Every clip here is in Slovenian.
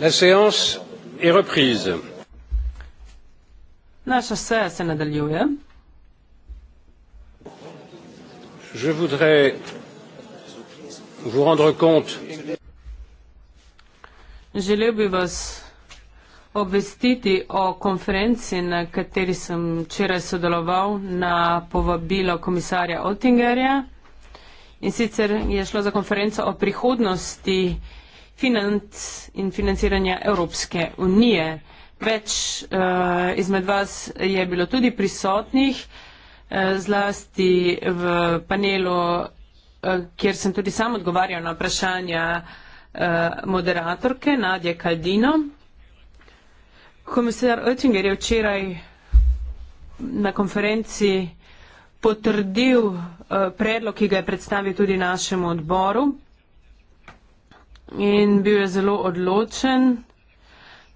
La séance est reprise. Naša seja se nadaljuje. Je voudrais vous rendre compte. Želel bi vas obvestiti o konferenci, na kateri sem včeraj sodeloval na povabilo komisarja Oettingerja. In sicer je šlo za konferenco o prihodnosti financ in financiranja Evropske unije. Več uh, izmed vas je bilo tudi prisotnih, uh, zlasti v panelu, uh, kjer sem tudi sam odgovarjal na vprašanja uh, moderatorke Nadje Kaldino. Komisar Oettinger je včeraj na konferenci potrdil uh, predlog, ki ga je predstavil tudi našemu odboru in bil je zelo odločen,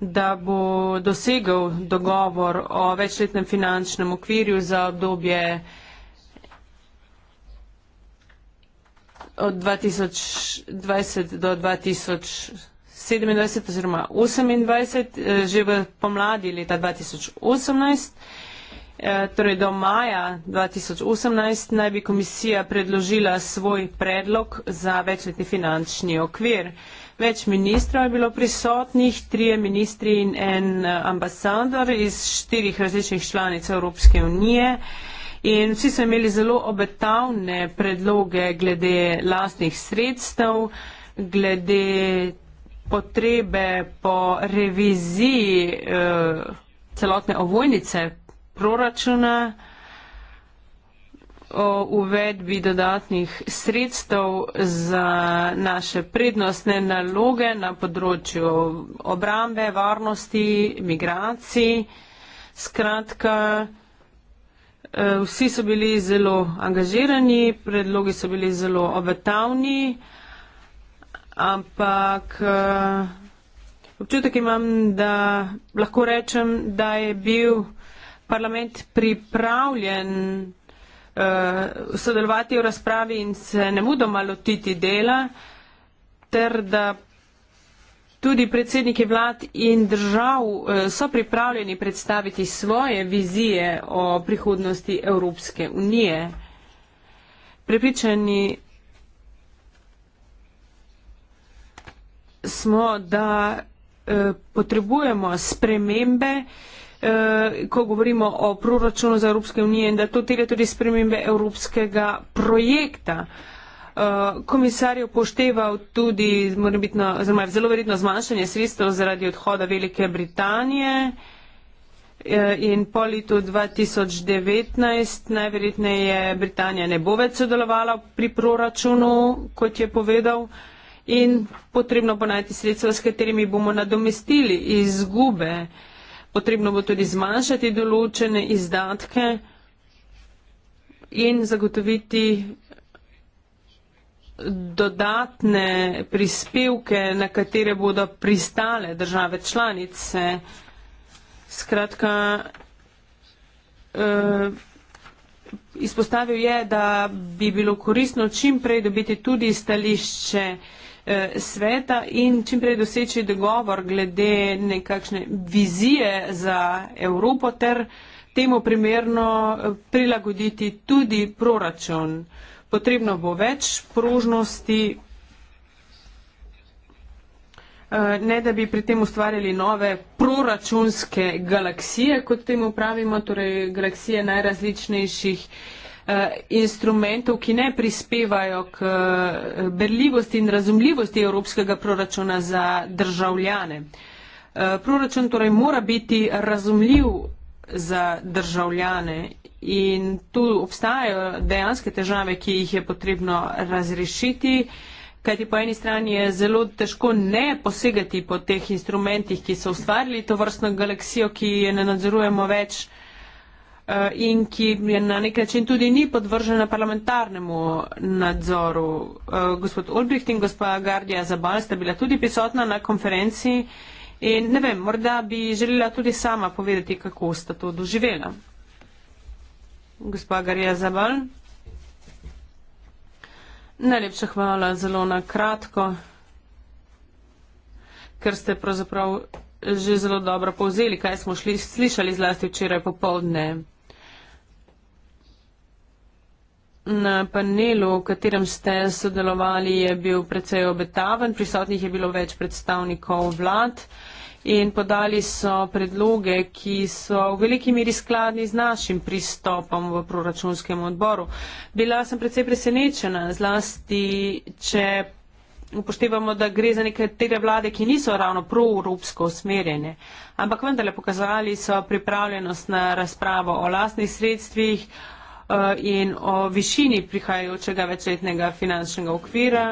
da bo dosegel dogovor o večletnem finančnem okvirju za obdobje od 2020 do 2027 oziroma 2028, eh, že v pomladi leta 2018. Eh, torej do maja 2018 naj bi komisija predložila svoj predlog za večletni finančni okvir. Več ministrov je bilo prisotnih, trije ministri in en eh, ambasador iz štirih različnih članic Evropske unije. In vsi so imeli zelo obetavne predloge glede lastnih sredstev, glede potrebe po reviziji eh, celotne ovojnice proračuna o uvedbi dodatnih sredstev za naše prednostne naloge na področju obrambe, varnosti, migracij. Skratka, eh, vsi so bili zelo angažirani, predlogi so bili zelo obetavni, ampak eh, občutek imam, da lahko rečem, da je bil parlament pripravljen uh, sodelovati v razpravi in se ne mudoma lotiti dela, ter da tudi predsedniki vlad in držav uh, so pripravljeni predstaviti svoje vizije o prihodnosti Evropske unije. Prepričani smo, da uh, potrebujemo spremembe, uh, Eh, ko govorimo o proračunu za Evropske unije in da to tega tudi spremembe evropskega projekta. Eh, komisar je upošteval tudi morebitno, oziroma zelo verjetno zmanjšanje sredstev zaradi odhoda Velike Britanije eh, in po letu 2019 najverjetneje Britanija ne bo več sodelovala pri proračunu, kot je povedal, in potrebno bo najti sredstva, s katerimi bomo nadomestili izgube. Potrebno bo tudi zmanjšati določene izdatke in zagotoviti dodatne prispevke, na katere bodo pristale države članice. Skratka, eh, izpostavil je, da bi bilo koristno čimprej dobiti tudi stališče Eh, sveta in čim prej doseči dogovor glede nekakšne vizije za Evropo ter temu primerno eh, prilagoditi tudi proračun. Potrebno bo več prožnosti, eh, ne da bi pri tem ustvarjali nove proračunske galaksije, kot temu pravimo, torej galaksije najrazličnejših Eh, instrumentov, ki ne prispevajo k eh, berljivosti in razumljivosti evropskega proračuna za državljane. Eh, proračun torej mora biti razumljiv za državljane in tu obstajajo dejanske težave, ki jih je potrebno razrešiti, kajti po eni strani je zelo težko ne posegati po teh instrumentih, ki so ustvarili to vrstno galaksijo, ki je ne nadzorujemo več. Eh, in ki je na nek način tudi ni podvržena parlamentarnemu nadzoru. Eh, gospod Olbricht in gospa Gardija Zabal sta bila tudi prisotna na konferenci in ne vem, morda bi želela tudi sama povedati, kako sta to doživela. Gospa Gardija Zabal. Najlepša hvala zelo na kratko, ker ste pravzaprav že zelo dobro povzeli, kaj smo šli, slišali zlasti včeraj popovdne. Na panelu, v katerem ste sodelovali, je bil precej obetaven, prisotnih je bilo več predstavnikov vlad in podali so predloge, ki so v veliki miri skladni z našim pristopom v proračunskem odboru. Bila sem precej presenečena, zlasti, če upoštevamo, da gre za nekatere vlade, ki niso ravno proevropsko usmerjene, ampak vendarle pokazali so pripravljenost na razpravo o lastnih sredstvih, Eh, in o višini prihajajočega večletnega finančnega okvira.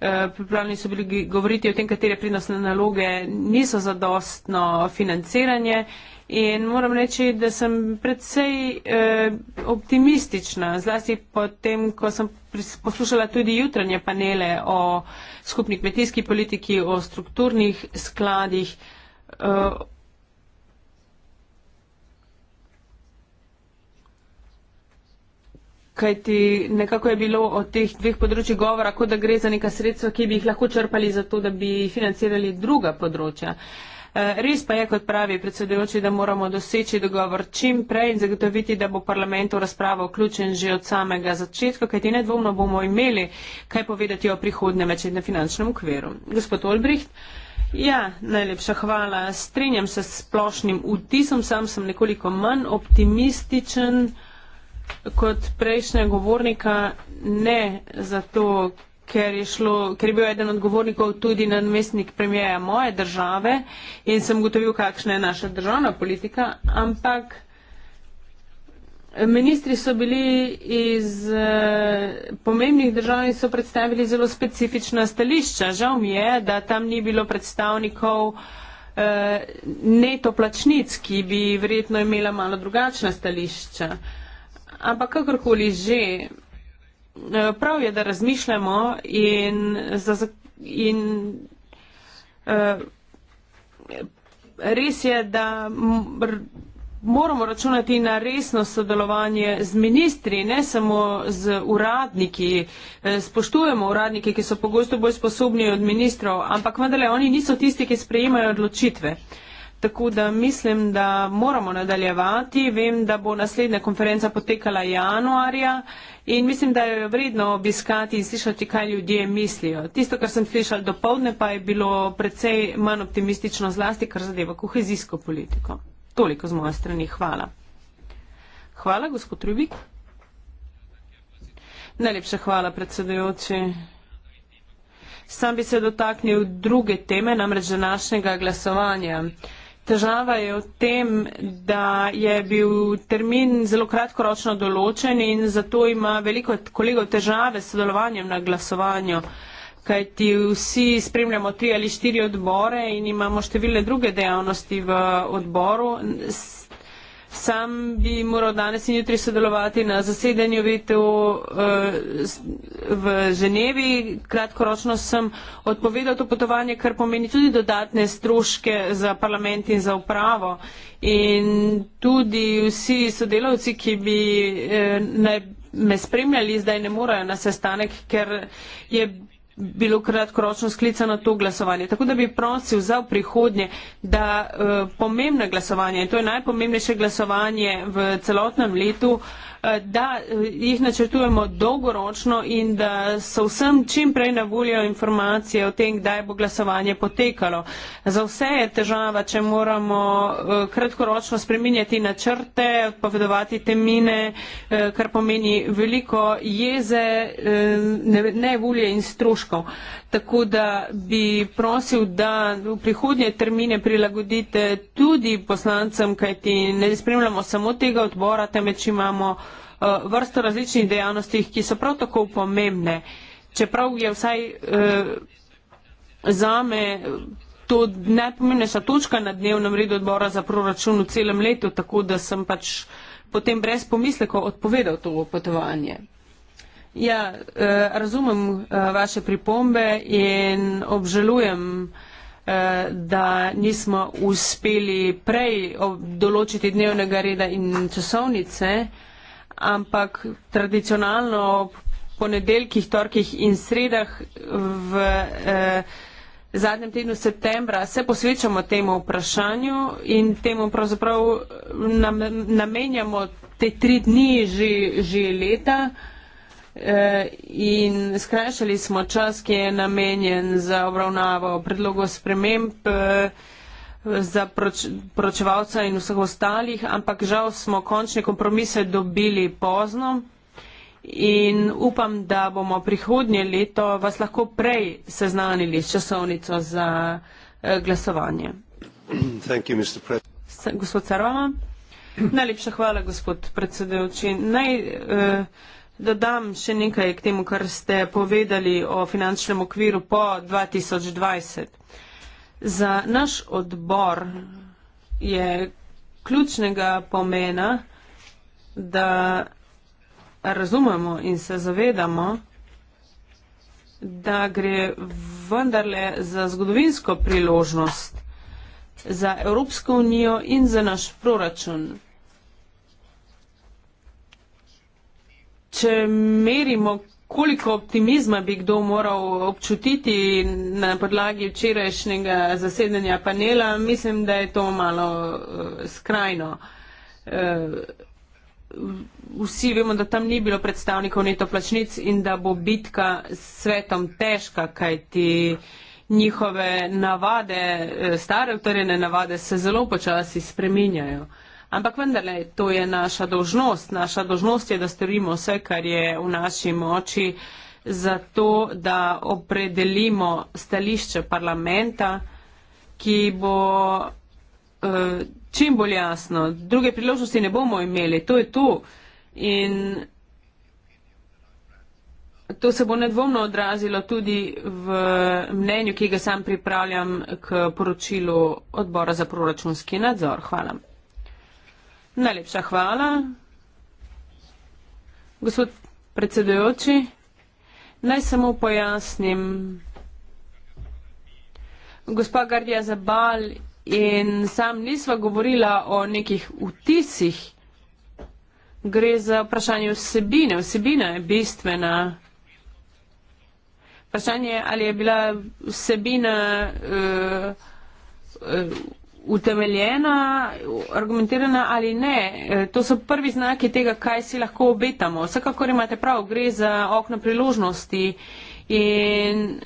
Eh, pripravljeni so bili govoriti o tem, katere prednostne naloge niso zadostno financiranje in moram reči, da sem predvsej eh, optimistična, zlasti potem, ko sem poslušala tudi jutranje panele o skupni kmetijski politiki, o strukturnih skladih. kajti nekako je bilo o teh dveh področjih govora, kot da gre za neka sredstva, ki bi jih lahko črpali za to, da bi financirali druga področja. Eh, res pa je, kot pravi predsedujoči, da moramo doseči dogovor čim prej in zagotoviti, da bo parlament v razpravo vključen že od samega začetka, kajti nedvomno bomo imeli kaj povedati o prihodnem večetnem finančnem okviru. Gospod Olbricht. Ja, najlepša hvala. Strenjam se s splošnim vtisom, sam sem nekoliko manj optimističen kot prejšnja govornika, ne zato, ker je, šlo, ker je bil eden od govornikov tudi namestnik premijeja moje države in sem gotovil, kakšna je naša državna politika, ampak ministri so bili iz eh, pomembnih držav in so predstavili zelo specifična stališča. Žal mi je, da tam ni bilo predstavnikov eh, netoplačnic, ki bi verjetno imela malo drugačna stališča. Eh, Ampak kakorkoli že, eh, prav je, da razmišljamo in, za, in eh, res je, da moramo računati na resno sodelovanje z ministri, ne samo z uradniki. Eh, spoštujemo uradnike, ki so pogosto bolj sposobni od ministrov, ampak vendarle oni niso tisti, ki sprejemajo odločitve. Tako da mislim, da moramo nadaljevati. Vem, da bo naslednja konferenca potekala januarja in mislim, da je vredno obiskati in slišati, kaj ljudje mislijo. Tisto, kar sem slišal do povdne, pa je bilo precej manj optimistično zlasti, kar zadeva kohezijsko politiko. Toliko z moje strani. Hvala. Hvala, gospod Rubik. Najlepša hvala, predsedujoči. Sam bi se dotaknil druge teme, namreč današnjega glasovanja. Težava je v tem, da je bil termin zelo kratkoročno določen in zato ima veliko kolegov težave s sodelovanjem na glasovanju, kajti vsi spremljamo tri ali štiri odbore in imamo številne druge dejavnosti v odboru. S Sam bi moral danes in jutri sodelovati na zasedanju VTO eh, v Ženevi. Kratkoročno sem odpovedal to potovanje, kar pomeni tudi dodatne stroške za parlament in za upravo. In tudi vsi sodelavci, ki bi eh, naj me spremljali, zdaj ne morejo na sestanek, ker je bilo kratkoročno sklicano to glasovanje. Tako da bi prosil za prihodnje, da uh, eh, pomembno glasovanje, in to je najpomembnejše glasovanje v celotnem letu, uh, Eh, da eh, jih načrtujemo dolgoročno in da so vsem čim prej na voljo informacije o tem, kdaj bo glasovanje potekalo. Za vse je težava, če moramo eh, kratkoročno spreminjati načrte, povedovati temine, kar pomeni veliko jeze, nevolje in stroškov tako da bi prosil, da v prihodnje termine prilagodite tudi poslancem, kajti ne spremljamo samo tega odbora, temveč imamo eh, vrsto različnih dejavnosti, ki so prav tako pomembne. Čeprav je vsaj eh, za me to najpomembnejša točka na dnevnem redu odbora za proračun v celem letu, tako da sem pač potem brez pomisleko odpovedal to potovanje. Ja, eh, razumem eh, vaše pripombe in obžalujem, eh, da nismo uspeli prej določiti dnevnega reda in časovnice, ampak tradicionalno ob ponedeljkih, torkih in sredah v zadnjem tednu septembra se posvečamo temu vprašanju in temu pravzaprav namenjamo te tri dni že, že leta. E, in skrajšali smo čas, ki je namenjen za obravnavo predlogo sprememb e, za proč, pročevalca in vseh ostalih, ampak žal smo končne kompromise dobili pozno in upam, da bomo prihodnje leto vas lahko prej seznanili s časovnico za e, glasovanje. You, gospod Carvama, najlepša hvala, gospod predsedujoči. Naj, uh, Dodam še nekaj k temu, kar ste povedali o finančnem okviru po 2020. Za naš odbor je ključnega pomena, da razumemo in se zavedamo, da gre vendarle za zgodovinsko priložnost za Evropsko unijo in za naš proračun. če merimo, koliko optimizma bi kdo moral občutiti na podlagi včerajšnjega zasedanja panela, mislim, da je to malo uh, skrajno. Uh, vsi vemo, da tam ni bilo predstavnikov neto plačnic in da bo bitka s svetom težka, kajti njihove navade, eh, stare utrjene navade se zelo počasi spreminjajo. Uh, Ampak vendarle, to je naša dožnost. Naša dožnost je, da storimo vse, kar je v naši moči, zato da opredelimo stališče parlamenta, ki bo eh, čim bolj jasno. Druge priložnosti ne bomo imeli, to je to. In to se bo nedvomno odrazilo tudi v mnenju, ki ga sam pripravljam k poročilu odbora za proračunski nadzor. Hvala. Najlepša hvala. Gospod predsedujoči, naj samo pojasnim. Gospa Gardija Zabal in sam nisva govorila o nekih vtisih. Gre za vprašanje vsebine. Vsebina je bistvena. Vprašanje je, ali je bila vsebina uh, utemeljena, argumentirana ali ne. E, to so prvi znaki tega, kaj si lahko obetamo. Vsekakor imate prav, gre za okno priložnosti in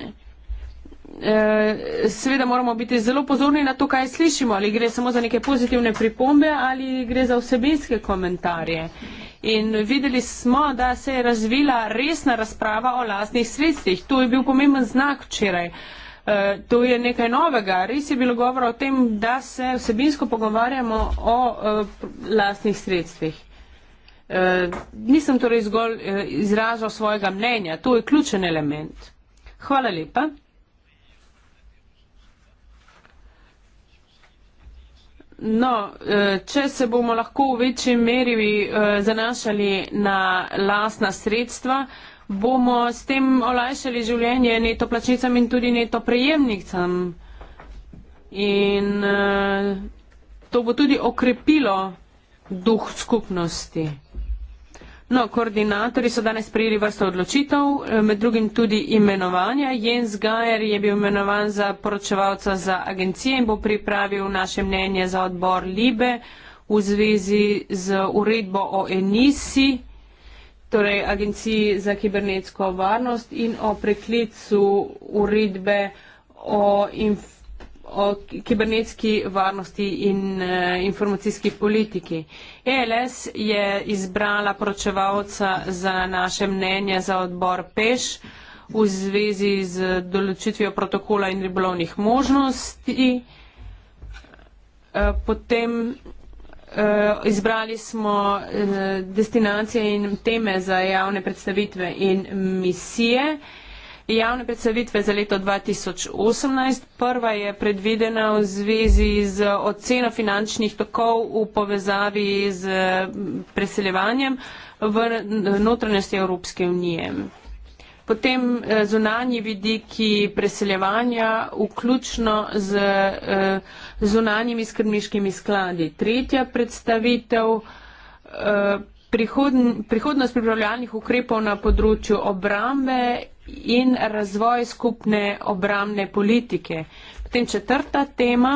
e, seveda moramo biti zelo pozorni na to, kaj slišimo, ali gre samo za neke pozitivne pripombe ali gre za vsebinske komentarje. In videli smo, da se je razvila resna razprava o lastnih sredstvih. To je bil pomemben znak včeraj. Uh, Eh, to je nekaj novega. Res je bilo govora o tem, da se vsebinsko pogovarjamo o eh, lastnih sredstvih. Eh, nisem torej zgolj izrazil svojega mnenja, to je ključen element. Hvala lepa. No, če se bomo lahko v večji meri zanašali na lastna sredstva, bomo s tem olajšali življenje neto plačnicam in tudi neto prejemnicam. In eh, to bo tudi okrepilo duh skupnosti. No, koordinatorji so danes prijeli vrsto odločitev, eh, med drugim tudi imenovanja. Jens Gajer je bil imenovan za poročevalca za agencije in bo pripravil naše mnenje za odbor Libe v zvezi z uredbo o emisiji torej Agenciji za kibernetsko varnost in o preklicu uredbe o, o kibernetski varnosti in uh, informacijski politiki. ELS je izbrala poročevalca za naše mnenje za odbor PEŠ v zvezi z določitvijo protokola in ribolovnih možnosti. Uh, potem Uh, izbrali smo uh, destinacije in teme za javne predstavitve in misije. Javne predstavitve za leto 2018. Prva je predvidena v zvezi z oceno finančnih tokov v povezavi z mm, preseljevanjem v notranjosti Evropske unije. Potem eh, zunanji vidiki preseljevanja, vključno z uh, zunanjimi skrbniškimi skladi. Tretja predstavitev, eh, prihodnost pripravljalnih ukrepov na področju obrambe in razvoj skupne obrambne politike. Potem četrta tema,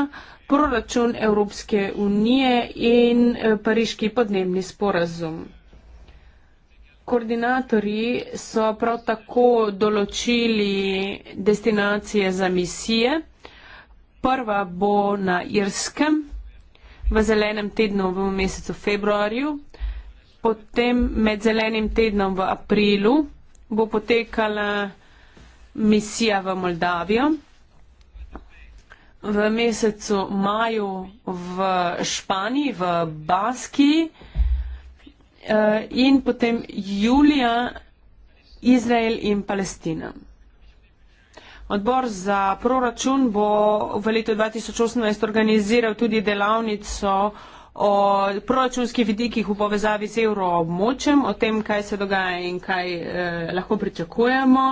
proračun Evropske unije in eh, pariški podnebni sporazum. Koordinatorji so prav tako določili destinacije za misije prva bo na Irskem v zelenem tednu v mesecu februarju, potem med zelenim tednom v aprilu bo potekala misija v Moldavijo, v mesecu maju v Španiji, v Baskiji eh, in potem julija Izrael in Palestina. Odbor za proračun bo v letu 2018 organiziral tudi delavnico o proračunskih vidikih v povezavi z evroobmočjem, o tem, kaj se dogaja in kaj eh, lahko pričakujemo.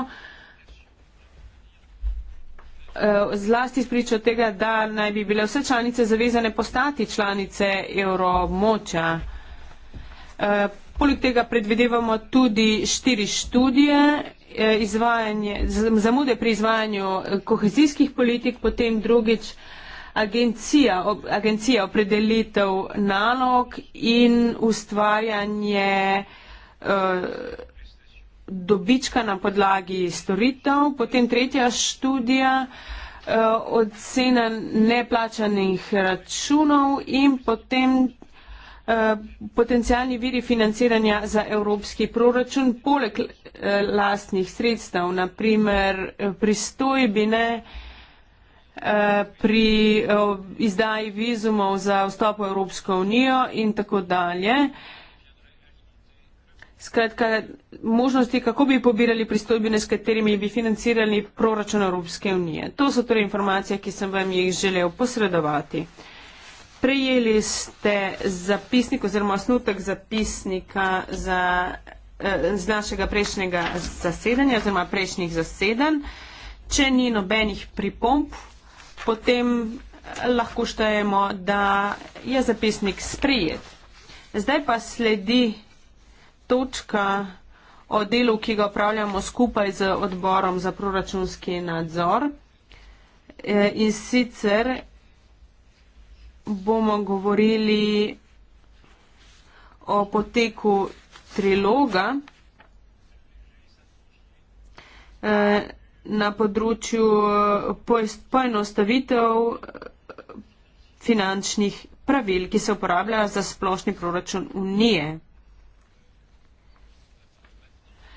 Eh, zlasti spričo tega, da naj bi bile vse članice zavezane postati članice evroobmoča. Eh, poleg tega predvidevamo tudi štiri študije Eh, zamude pri izvajanju kohezijskih politik, potem drugič agencija, ob, agencija opredelitev nalog in ustvarjanje eh, dobička na podlagi storitev, potem tretja študija eh, ocena neplačanih računov in potem Eh, potencijalni viri financiranja za evropski proračun, poleg eh, lastnih sredstev, naprimer eh, pristojbine pri izdaji vizumov za vstop v Evropsko unijo in tako dalje. Skratka, možnosti, kako bi pobirali pristojbine, s katerimi bi financirali proračun Evropske unije. To so torej informacije, ki sem vam jih želel posredovati prejeli ste zapisnik oziroma osnutek zapisnika za, eh, z našega prejšnjega zasedanja oziroma prejšnjih zaseden. Če ni nobenih pripomp, potem eh, lahko štejemo, da je zapisnik sprijet. Zdaj pa sledi točka o delu, ki ga upravljamo skupaj z odborom za proračunski nadzor. Eh, in sicer bomo govorili o poteku triloga eh, na področju eh, poenostavitev eh, finančnih pravil, ki se uporabljajo za splošni proračun Unije.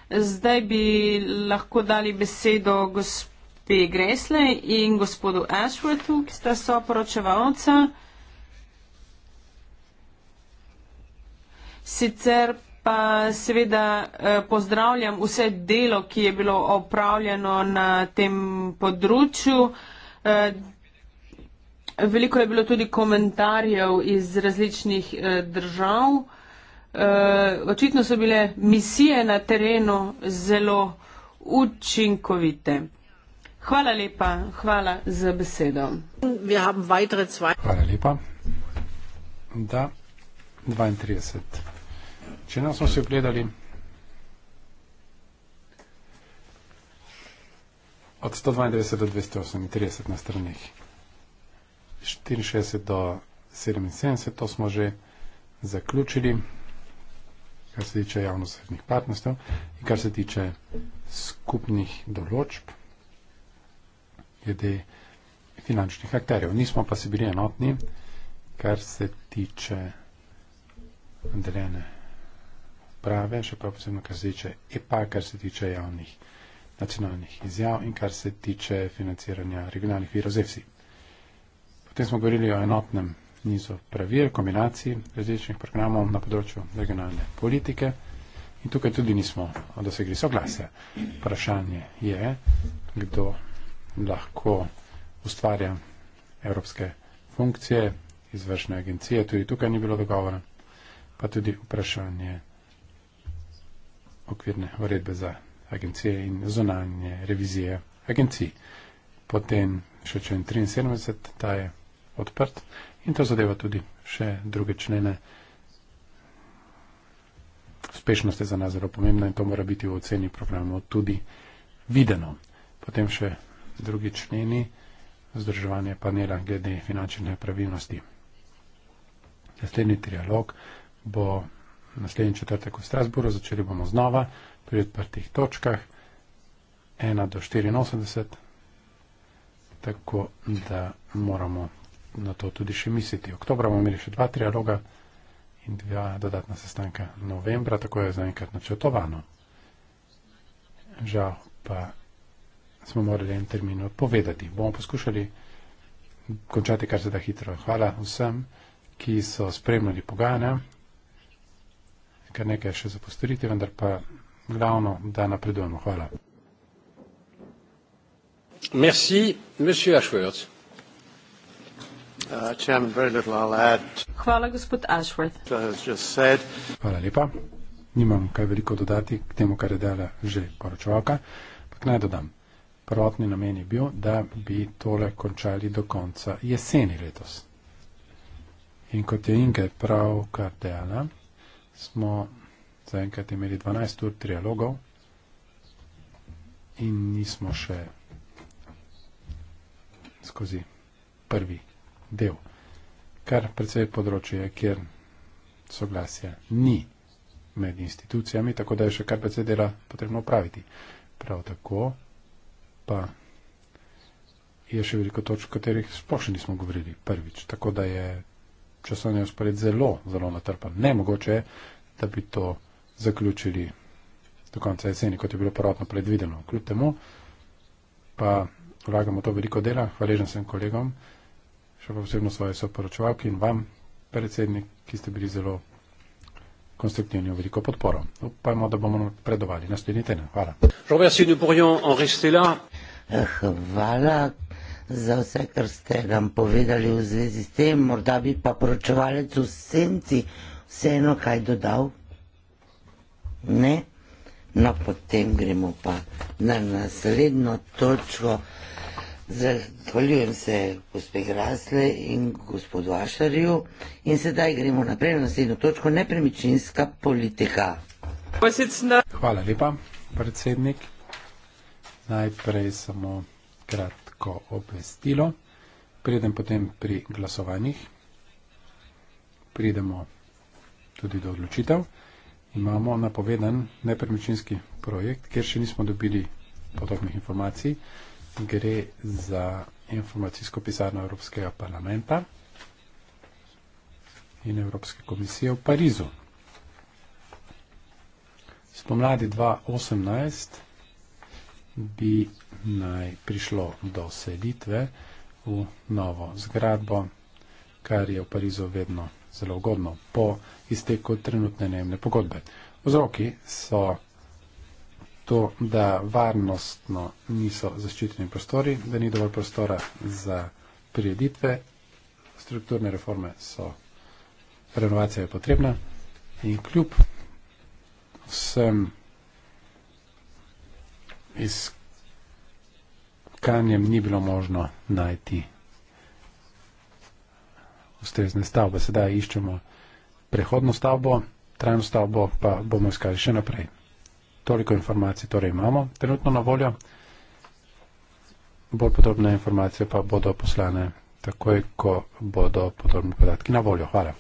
Zdaj bi lahko dali besedo gospe Gresle in gospodu Ashworthu, ki sta soporočevalca. Sicer pa seveda eh, pozdravljam vse delo, ki je bilo opravljeno na tem področju. Eh, veliko je bilo tudi komentarjev iz različnih eh, držav. Očitno so bile misije na terenu zelo učinkovite. Hvala lepa, hvala za besedo. Hvala lepa. Da, 32. Če nas smo se ogledali od 192 do 238 na stranih, 64 do 77, to smo že zaključili, kar se tiče javnosrednih partnerstv in kar se tiče skupnih določb glede finančnih akterjev. Nismo pa se bili enotni, kar se tiče delene uprave, še prav posebno kar se tiče EPA, kar se tiče javnih nacionalnih izjav in kar se tiče financiranja regionalnih virov ZEVSI. Potem smo govorili o enotnem nizu pravil, kombinaciji različnih programov na področju regionalne politike in tukaj tudi nismo dosegli soglasja. Vprašanje je, kdo lahko ustvarja evropske funkcije, izvršne agencije, tudi tukaj ni bilo dogovora, pa tudi vprašanje okvirne uredbe za agencije in zunanje revizije agencij. Potem še člen 73, ta je odprt in to zadeva tudi še druge člene uspešnosti za nas zelo pomembno in to mora biti v oceni programov tudi videno. Potem še drugi členi, vzdrževanje panela glede finančne pravilnosti. Naslednji trialog bo naslednji četrtek v Strasburu, začeli bomo znova pri odprtih točkah 1 do 84, tako da moramo na to tudi še misliti. Oktober bomo imeli še dva trialoga in dva dodatna sestanka novembra, tako je zaenkrat načrtovano. Žal pa smo morali en termin odpovedati. Bomo poskušali končati kar se da hitro. Hvala vsem, ki so spremljali pogajanja kar nekaj še zapostoriti, vendar pa glavno, da napredujemo. Hvala. Merci, monsieur Ashworth. Uh, chairman, very little I'll add. Hvala, gospod Ashworth. Hvala lepa. Nimam kaj veliko dodati k temu, kar je dala že poročevalka. Pak naj dodam. Prvotni namen je bil, da bi tole končali do konca jeseni letos. In kot je Inge pravkar dejala, smo zaenkrat imeli 12 ur trialogov in nismo še skozi prvi del. Kar predvsej področje, kjer soglasja ni med institucijami, tako da je še kar predvsej dela potrebno upraviti. Prav tako pa je še veliko točk, o katerih sploh še nismo govorili prvič. Tako da je časovni spored zelo, zelo natrpan. Nemogoče je, da bi to zaključili do konca jeseni, kot je bilo prvotno predvideno. Kljub temu pa vlagamo to veliko dela. Hvaležen sem kolegom, še posebno svoje soporočevalke in vam, predsednik, ki ste bili zelo konstruktivni v veliko podporo. Upajmo, da bomo predovali naslednji teden. Hvala. Eh, hvala za vse, kar ste nam povedali v zvezi s tem. Morda bi pa poročevalec v senci vseeno kaj dodal? Ne? No, potem gremo pa na naslednjo točko. Zahvaljujem se gospe Grasle in gospodu Ašarju in sedaj gremo naprej na naslednjo točko, nepremičninska politika. Hvala lepa, predsednik. Najprej samo kratko kratko obvestilo, preden potem pri glasovanjih pridemo tudi do odločitev. Imamo napovedan nepremičninski projekt, kjer še nismo dobili podobnih informacij. Gre za informacijsko pisarno Evropskega parlamenta in Evropske komisije v Parizu. Spomladi 2018 bi naj prišlo do selitve v novo zgradbo, kar je v Parizu vedno zelo ugodno po izteku trenutne najemne pogodbe. Vzroki so to, da varnostno niso zaščiteni prostori, da ni dovolj prostora za prireditve, strukturne reforme so, renovacija je potrebna in kljub vsem iskanjem ni bilo možno najti ustrezne stavbe. Sedaj iščemo prehodno stavbo, trajno stavbo pa bomo iskali še naprej. Toliko informacij torej imamo trenutno na voljo. Bolj podrobne informacije pa bodo poslane takoj, ko bodo podrobni podatki na voljo. Hvala.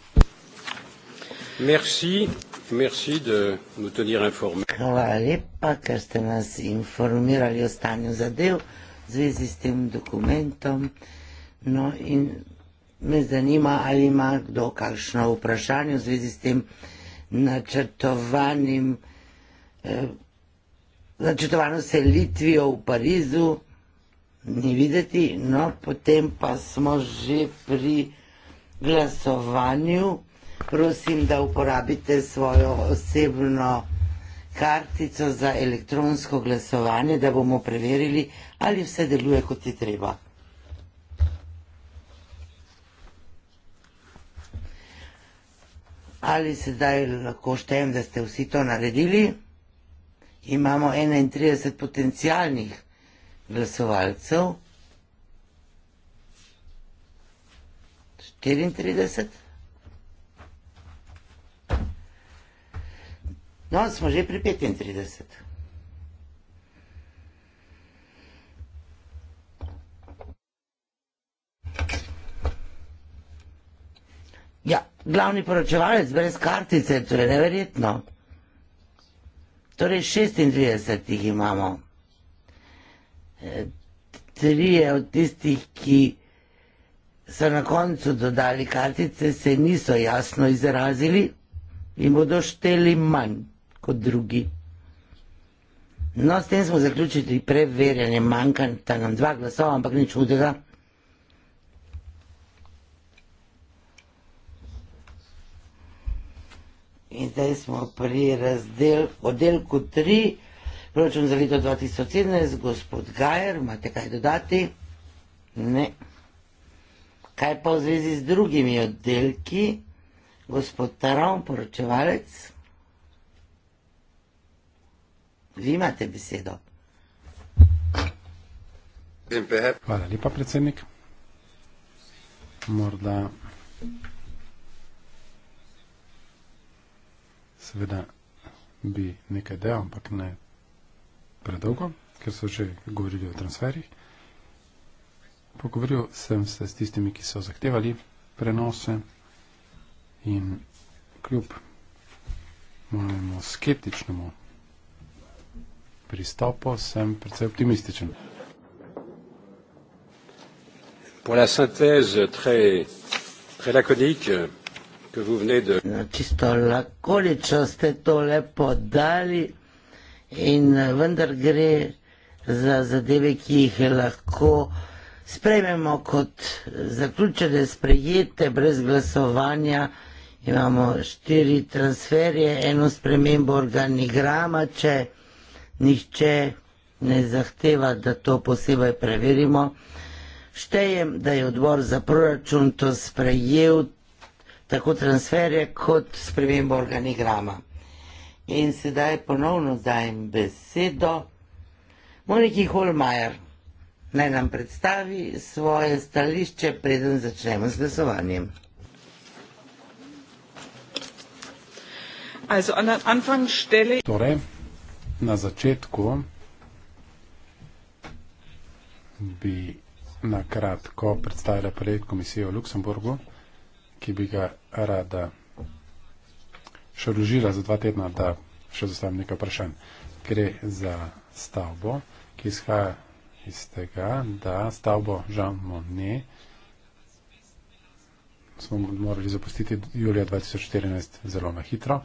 Merci. Merci de nous tenir informés. Hvala lepa, ker ste nas informirali o stanju zadev v zvezi s tem dokumentom. No in me zanima, ali ima kdo kakšno vprašanje v zvezi s tem načrtovanim, eh, načrtovano selitvijo v Parizu, ni videti, no potem pa smo že pri glasovanju prosim, da uporabite svojo osebno kartico za elektronsko glasovanje, da bomo preverili, ali vse deluje, kot je treba. Ali sedaj lahko štejem, da ste vsi to naredili? Imamo 31 potencijalnih glasovalcev. 34. No, smo že pri 35. Ja, glavni poročevalec brez kartice, to torej je neverjetno. Torej, 36 jih imamo. E, trije od tistih, ki so na koncu dodali kartice, se niso jasno izrazili in bodo šteli manj kot drugi. No, s tem smo zaključili preverjanje, manjka nam dva glasova, ampak nič hudega. In zdaj smo pri razdel, oddelku 3, proračun za leto 2017, gospod Gajer, imate kaj dodati? Ne. Kaj pa v zvezi z drugimi oddelki, gospod Taron, poročevalec? Vi imate besedo. Hvala lepa, predsednik. Morda. Seveda bi nekaj del, ampak ne predolgo, ker so že govorili o transferjih. Pogovoril sem se s tistimi, ki so zahtevali prenose in kljub mojemu skeptičnemu pristopu sem precej optimističen. Čisto lakonično ste to lepo dali in vendar gre za zadeve, ki jih lahko sprejmemo kot zaključene sprejete brez glasovanja. Imamo štiri transferje, eno spremembo organigrama, če je nihče ne zahteva, da to posebej preverimo. Štejem, da je odbor za proračun to sprejel tako transferje kot spremembo organigrama. In sedaj ponovno dajem besedo Moniki Holmajer. Naj nam predstavi svoje stališče, preden začnemo s glasovanjem. Torej, na začetku bi nakratko predstavila projekt komisije v Luksemburgu, ki bi ga rada še odložila za dva tedna, da še zastavim nekaj vprašanj. Gre za stavbo, ki izhaja iz tega, da stavbo Jean Monnet smo morali zapustiti julija 2014 zelo na hitro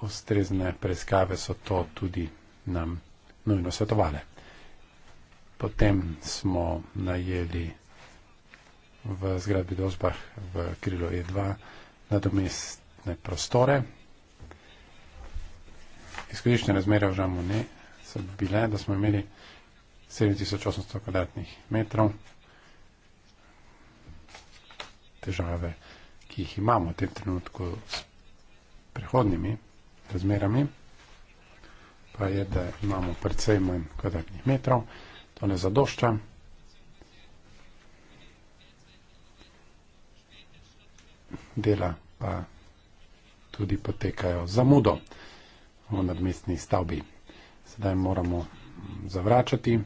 ustrezne preiskave so to tudi nam nujno svetovali. Potem smo najeli v zgradbi Dožbah v Krilo E2 nadomestne prostore. Izkoriščene razmere v Žamu ne so bile, da smo imeli 7800 kvadratnih metrov. Težave, ki jih imamo v tem trenutku s prehodnimi razmerami, pa je, da imamo precej manj kvadratnih metrov, to ne zadošča. Dela pa tudi potekajo zamudo v nadmestni stavbi. Sedaj moramo zavračati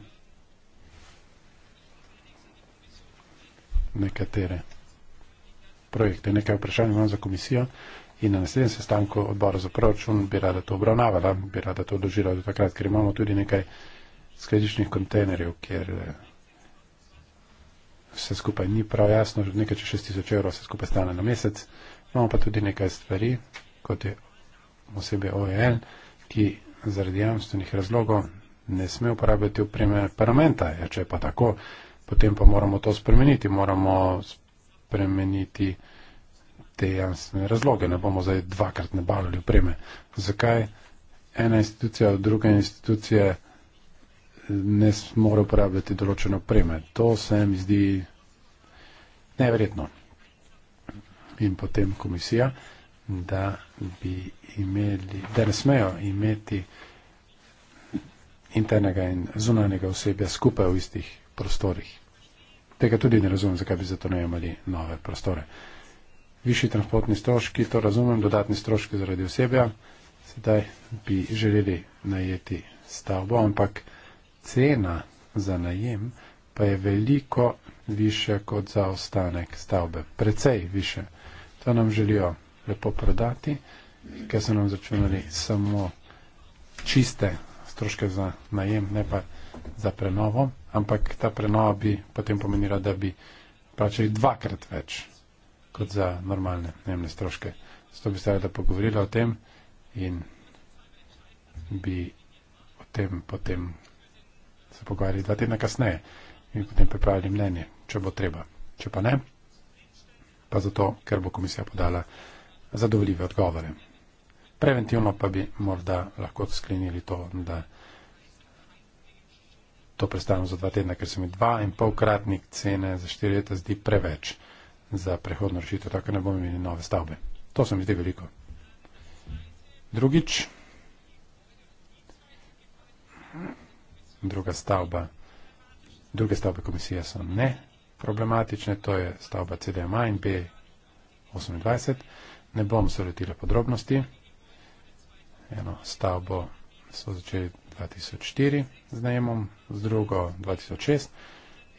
nekatere projekte. Nekaj vprašanj imam za komisijo in na naslednjem sestanku odbora za proračun bi rada to obravnavala, bi rada to odložila do takrat, ker imamo tudi nekaj skladiščnih kontejnerjev, kjer eh, vse skupaj ni prav jasno, že nekaj čez 6000 evrov vse skupaj stane na mesec. Imamo pa tudi nekaj stvari, kot je osebe OEN, ki zaradi jamstvenih razlogov ne sme uporabljati upreme parlamenta. Ja, če je pa tako, potem pa moramo to spremeniti. Moramo spremeniti te jasne razloge. Ne bomo zdaj dvakrat nabavljali upreme. Zakaj ena institucija od druge institucije eh, ne more uporabljati določeno upreme? To se mi zdi neverjetno. In potem komisija, da, bi imeli, da ne smejo imeti internega in zunanjega osebja skupaj v istih prostorih. Tega tudi ne razumem, zakaj bi zato ne imeli nove prostore. Uh, višji transportni stroški, to razumem, dodatni stroški zaradi osebja. Sedaj bi želeli najeti stavbo, ampak cena za najem pa je veliko više kot za ostanek stavbe. Precej više. To nam želijo lepo prodati, ker so nam začunali samo čiste stroške za najem, ne pa za prenovo. Ampak ta prenova bi potem pomenila, da bi plačali dvakrat več kot za normalne dnevne stroške. Zato bi se rada pogovorila o tem in bi o tem potem se pogovarjali dva tedna kasneje in potem pripravili mnenje, če bo treba. Če pa ne, pa zato, ker bo komisija podala zadovoljive odgovore. Preventivno pa bi morda lahko sklenili to, da to prestanem za dva tedna, ker se mi dva in polkratnik cene za štiri leta zdi preveč za prehodno rešitev, tako da ne bomo imeli nove stavbe. To se mi zdi veliko. Drugič, druga stavba, druge stavbe komisije so ne problematične, to je stavba CDMA in B28. Ne bom se letila podrobnosti. Eno stavbo so začeli 2004 z najemom, z drugo 2006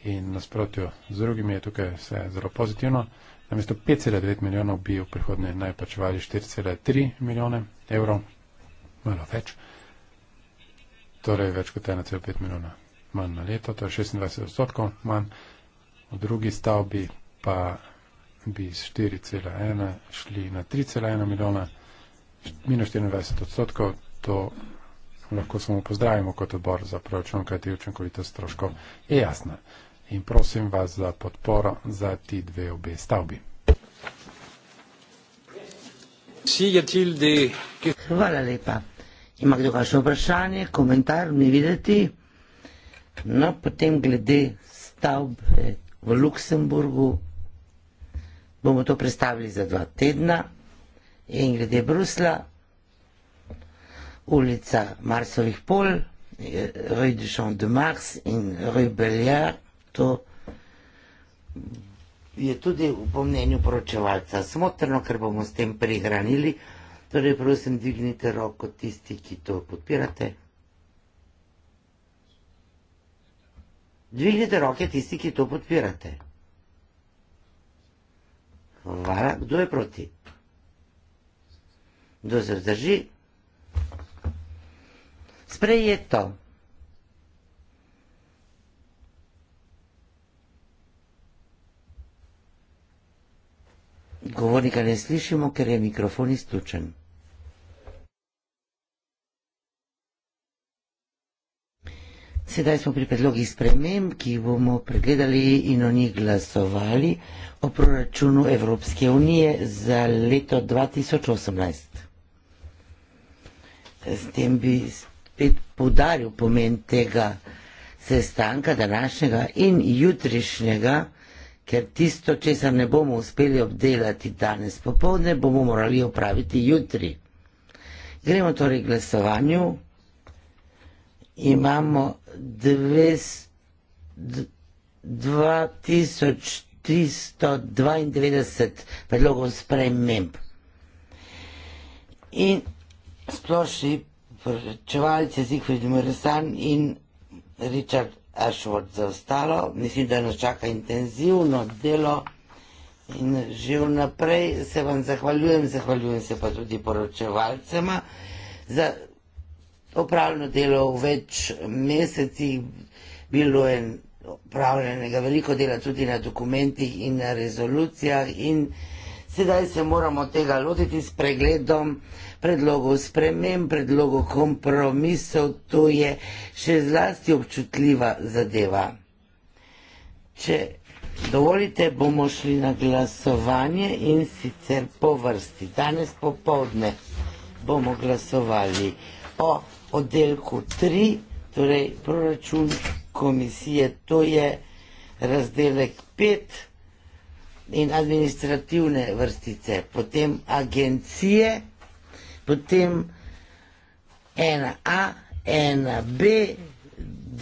in nasprotju z drugimi je tukaj vse zelo pozitivno. Namesto 5,9 milijonov bi v prihodnje najplačevali 4,3 milijone evrov, malo več, torej več kot 1,5 milijona manj na leto, torej 26 odstotkov manj. V drugi stavbi pa bi z 4,1 šli na 3,1 milijona, minus 24 odstotkov, to lahko samo pozdravimo kot odbor za proračun, kajti učinkovitost stroškov je jasna in prosim vas za podporo za ti dve obe stavbi. Hvala lepa. Ima kdo kakšno vprašanje, komentar, mi videti? No, potem glede stavbe v Luksemburgu bomo to predstavili za dva tedna in glede Brusla, ulica Marsovih pol, eh, Rue de Champ de Mars in Rue Belliard, to je tudi po mnenju poročevalca smotrno, ker bomo s tem prihranili. Torej, prosim, dvignite roko tisti, ki to podpirate. Dvignite roke tisti, ki to podpirate. Hvala. Kdo je proti? Kdo se vzdrži? Sprejeto. Govornika ne slišimo, ker je mikrofon izključen. Sedaj smo pri predlogih sprememb, ki jih bomo pregledali in o njih glasovali o proračunu Evropske unije za leto 2018. S tem bi spet podaril pomen tega sestanka današnjega in jutrišnjega ker tisto, česar ne bomo uspeli obdelati danes popovdne, bomo morali opraviti jutri. Gremo torej k glasovanju. Imamo 2392 predlogov sprememb. In splošni vrčevalci Zigfrid Mersan in Richard Ashford za ostalo. Mislim, da nas čaka intenzivno delo in že vnaprej se vam zahvaljujem, zahvaljujem se pa tudi poročevalcema za opravljeno delo v več mesecih. Bilo je opravljenega veliko dela tudi na dokumentih in na rezolucijah in sedaj se moramo tega lotiti s pregledom predlogov sprememb, predlogov kompromisov, to je še zlasti občutljiva zadeva. Če dovolite, bomo šli na glasovanje in sicer po vrsti. Danes popovdne bomo glasovali o oddelku 3, torej proračun komisije, to je razdelek 5 in administrativne vrstice, potem agencije, potem ena A, ena B,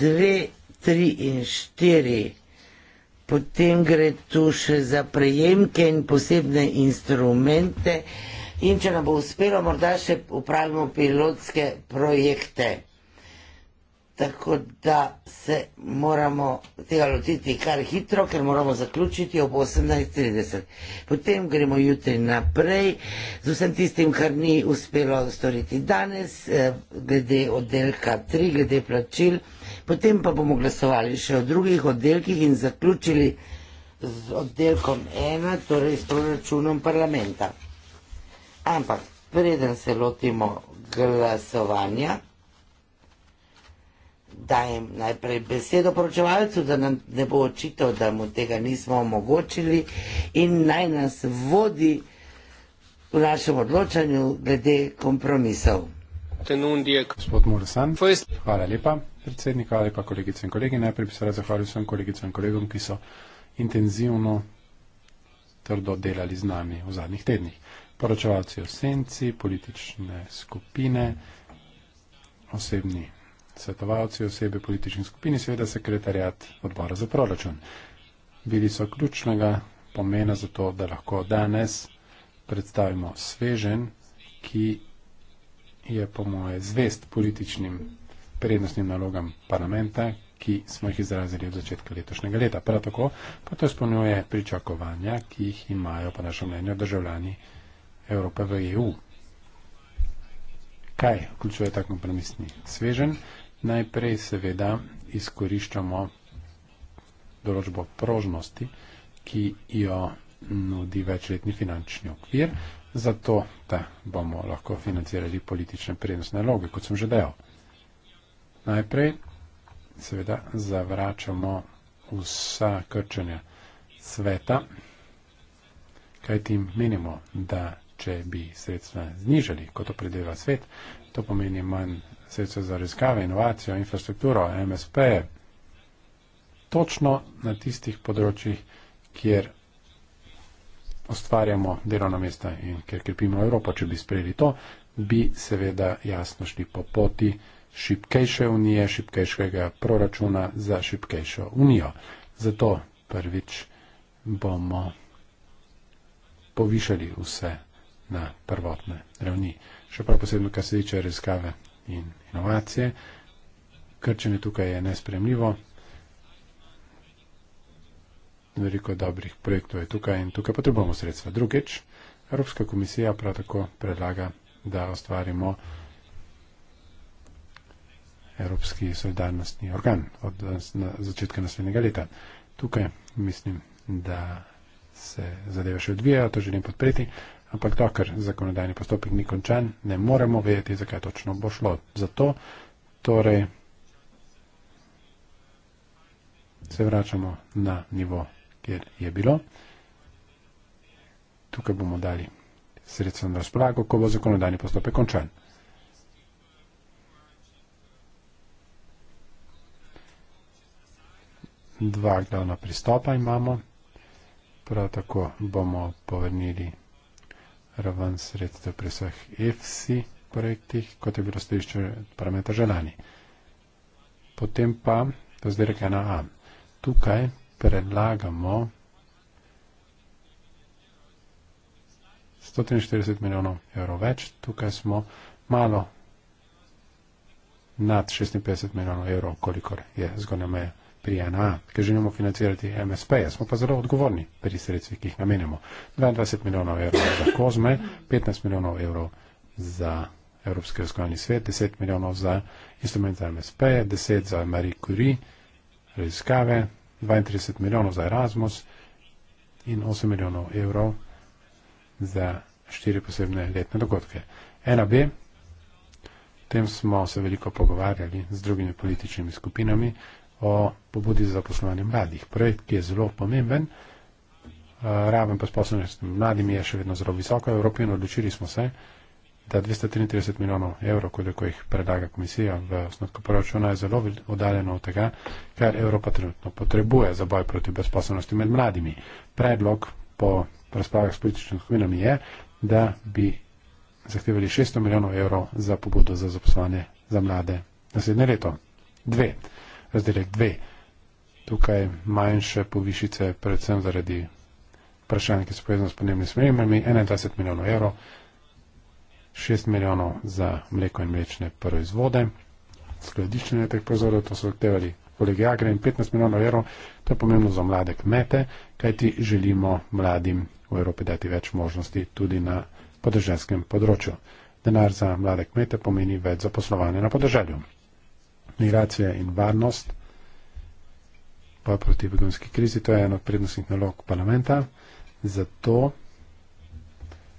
dve, tri in štiri. Potem gre tu še za prejemke in posebne instrumente. In če nam bo uspelo, morda še upravimo pilotske projekte tako da se moramo tega lotiti kar hitro, ker moramo zaključiti ob 18.30. Potem gremo jutri naprej z vsem tistim, kar ni uspelo storiti danes, eh, glede oddelka 3, glede plačil. Potem pa bomo glasovali še o drugih oddelkih in zaključili z oddelkom 1, torej s proračunom parlamenta. Ampak, preden se lotimo glasovanja, dajem najprej besedo poročevalcu, da nam ne bo očital, da mu tega nismo omogočili in naj nas vodi v našem odločanju glede kompromisov. Gospod Morsan, hvala lepa predsednik, hvala lepa kolegice in kolegi. Najprej bi se rad zahvalil vsem kolegicam in kolegom, ki so intenzivno trdo delali z nami v zadnjih tednih. Poročevalci o senci, politične skupine, osebni svetovalci osebe političnih skupin in seveda sekretarjat odbora za proračun. Bili so ključnega pomena za to, da lahko danes predstavimo svežen, ki je po moje zvest političnim prednostnim nalogam parlamenta, ki smo jih izrazili od začetka letošnjega leta. Prav tako pa to izpolnjuje pričakovanja, ki jih imajo, po našem mnenju, državljani Evrope v EU. Kaj vključuje ta kompromisni svežen? Najprej seveda izkoriščamo določbo prožnosti, ki jo nudi večletni finančni okvir, zato da bomo lahko financirali politične prednostne naloge, kot sem že dejal. Najprej seveda zavračamo vsa krčanja sveta, kaj ti menimo, da če bi sredstva znižali, kot opredeva svet, to pomeni manj sredstva za raziskave, inovacijo, infrastrukturo, MSP, točno na tistih področjih, kjer ustvarjamo delovna mesta in kjer krepimo Evropo, če bi sprejeli to, bi seveda jasno šli po poti šipkejše unije, šipkejšega proračuna za šipkejšo unijo. Zato prvič bomo povišali vse na prvotne ravni. Še prav posebno, kar se tiče raziskave in inovacije. Krčenje tukaj je nespremljivo. Veliko dobrih projektov je tukaj in tukaj potrebujemo sredstva. Drugič, Evropska komisija prav tako predlaga, da ustvarimo Evropski solidarnostni organ od začetka naslednjega leta. Tukaj mislim, da se zadeve še odvijajo, to želim podpreti ampak dokler zakonodajni postopek ni končan, ne moremo vedeti, zakaj točno bo šlo. Zato torej se vračamo na nivo, kjer je bilo. Tukaj bomo dali sredstvo na razpolago, ko bo zakonodajni postopek končan. Dva glavna pristopa imamo. Prav tako bomo povrnili raven sredstev pri vseh EFSI projektih, kot je bilo stojišče parametra želani. Potem pa razdelek 1a. Tukaj predlagamo 143 milijonov evrov več, tukaj smo malo nad 56 milijonov evrov, kolikor je zgodna meja pri NA, ker želimo financirati MSP, -ja. smo pa zelo odgovorni pri sredstvih, ki jih namenjamo. 22 milijonov evrov za kozme, 15 milijonov evrov za Evropski razkojni svet, 10 milijonov za instrument za MSP, -ja, 10 za Marie Curie, raziskave, 32 milijonov za Erasmus in 8 milijonov evrov za štiri posebne letne dogodke. NAB, o tem smo se veliko pogovarjali z drugimi političnimi skupinami, o pobudi za zaposlovanje mladih. Projekt, ki je zelo pomemben, eh, raven pa sposobnost mladimi je še vedno zelo visoka. Evropijno odločili smo se, da 233 milijonov evrov, koliko jih predlaga komisija v osnotku proračuna, je zelo oddaljeno od tega, kar Evropa trenutno potrebuje za boj proti brezposobnosti med mladimi. Predlog po razpravah s političnimi skupinami je, da bi zahtevali 600 milijonov evrov za pobudo za zaposlovanje za mlade naslednje leto. Dve razdelek 2. Tukaj manjše povišice, predvsem zaradi vprašanj, ki so povezane s podnebnimi spremembami, 21 milijonov evrov, 6 milijonov za mleko in mlečne proizvode, skladiščenje teh proizvodov, to so odtevali kolegi Agre in 15 milijonov evrov, to je pomembno za mlade kmete, kajti želimo mladim v Evropi dati več možnosti tudi na podrženskem področju. Denar za mlade kmete pomeni več zaposlovanja na podrželju migracija in varnost, boj proti begunski krizi, to je eno od prednostnih nalog parlamenta. Zato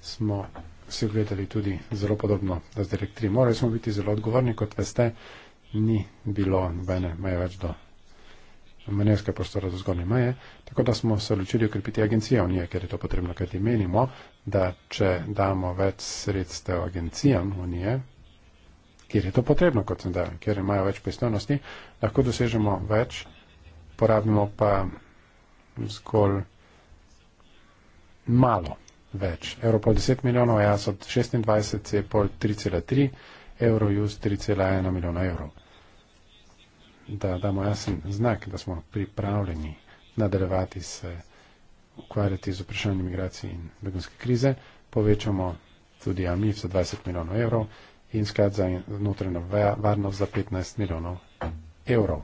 smo se gledali tudi zelo podobno z direktri. Morali smo biti zelo odgovorni, kot veste, ni bilo nobene meje več do manevrske prostora do zgornje meje, tako da smo se odločili ukrepiti agencije unije, ker je to potrebno, kajti menimo, da če damo več sredstev agencijam unije, kjer je to potrebno, kot sem dal, kjer imajo več pristojnosti, lahko dosežemo več, porabimo pa zgolj malo več. Evropol 10 milijonov, jaz od 26 je pol 3,3, Eurojus 3,1 milijona evrov. Da damo jasen znak, da smo pripravljeni nadaljevati se ukvarjati z vprašanjem migracije in begunske krize, povečamo tudi AMIF za 20 milijonov evrov in sklad za notranjo varnost za 15 milijonov evrov.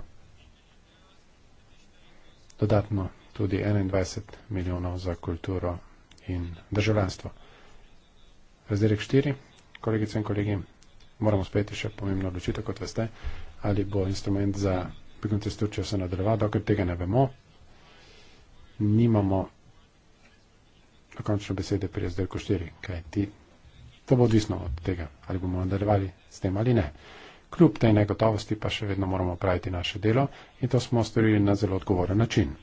Dodatno tudi 21 milijonov za kulturo in državljanstvo. Razdelek 4, kolegice in kolegi, moramo spetiti še pomembno odločitev, kot veste, ali bo instrument za begunce s Turčijo se nadaljeval, dokler tega ne vemo. Nimamo dokončno besede pri razdelku 4, kaj ti To bo odvisno od tega, ali bomo nadaljevali s tem ali ne. Kljub tej negotovosti pa še vedno moramo praviti naše delo in to smo storili na zelo odgovoren način.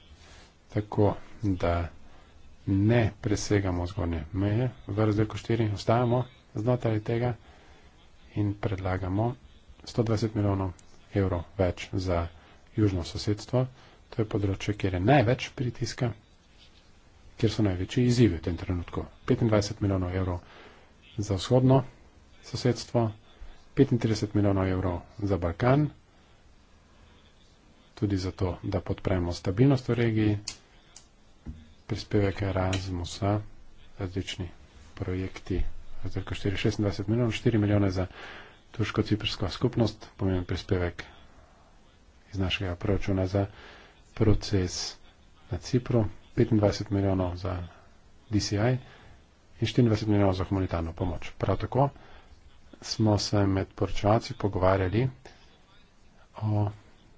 Tako da ne presegamo zgornje meje, v razdelku 4 ostajamo znotraj tega in predlagamo 120 milijonov evrov več za južno sosedstvo. To je področje, kjer je največ pritiska, kjer so največji izzivi v tem trenutku. 25 milijonov evrov za vzhodno sosedstvo, 35 milijonov evrov za Balkan, tudi zato, da podpremo stabilnost v regiji, prispevek Erasmusa, različni projekti, razdelko 426 milijonov, 4 milijone za turško-ciprsko skupnost, pomemben prispevek iz našega proračuna za proces na Cipru, 25 milijonov za DCI in 24 milijonov za humanitarno pomoč. Prav tako smo se med poročevalci pogovarjali o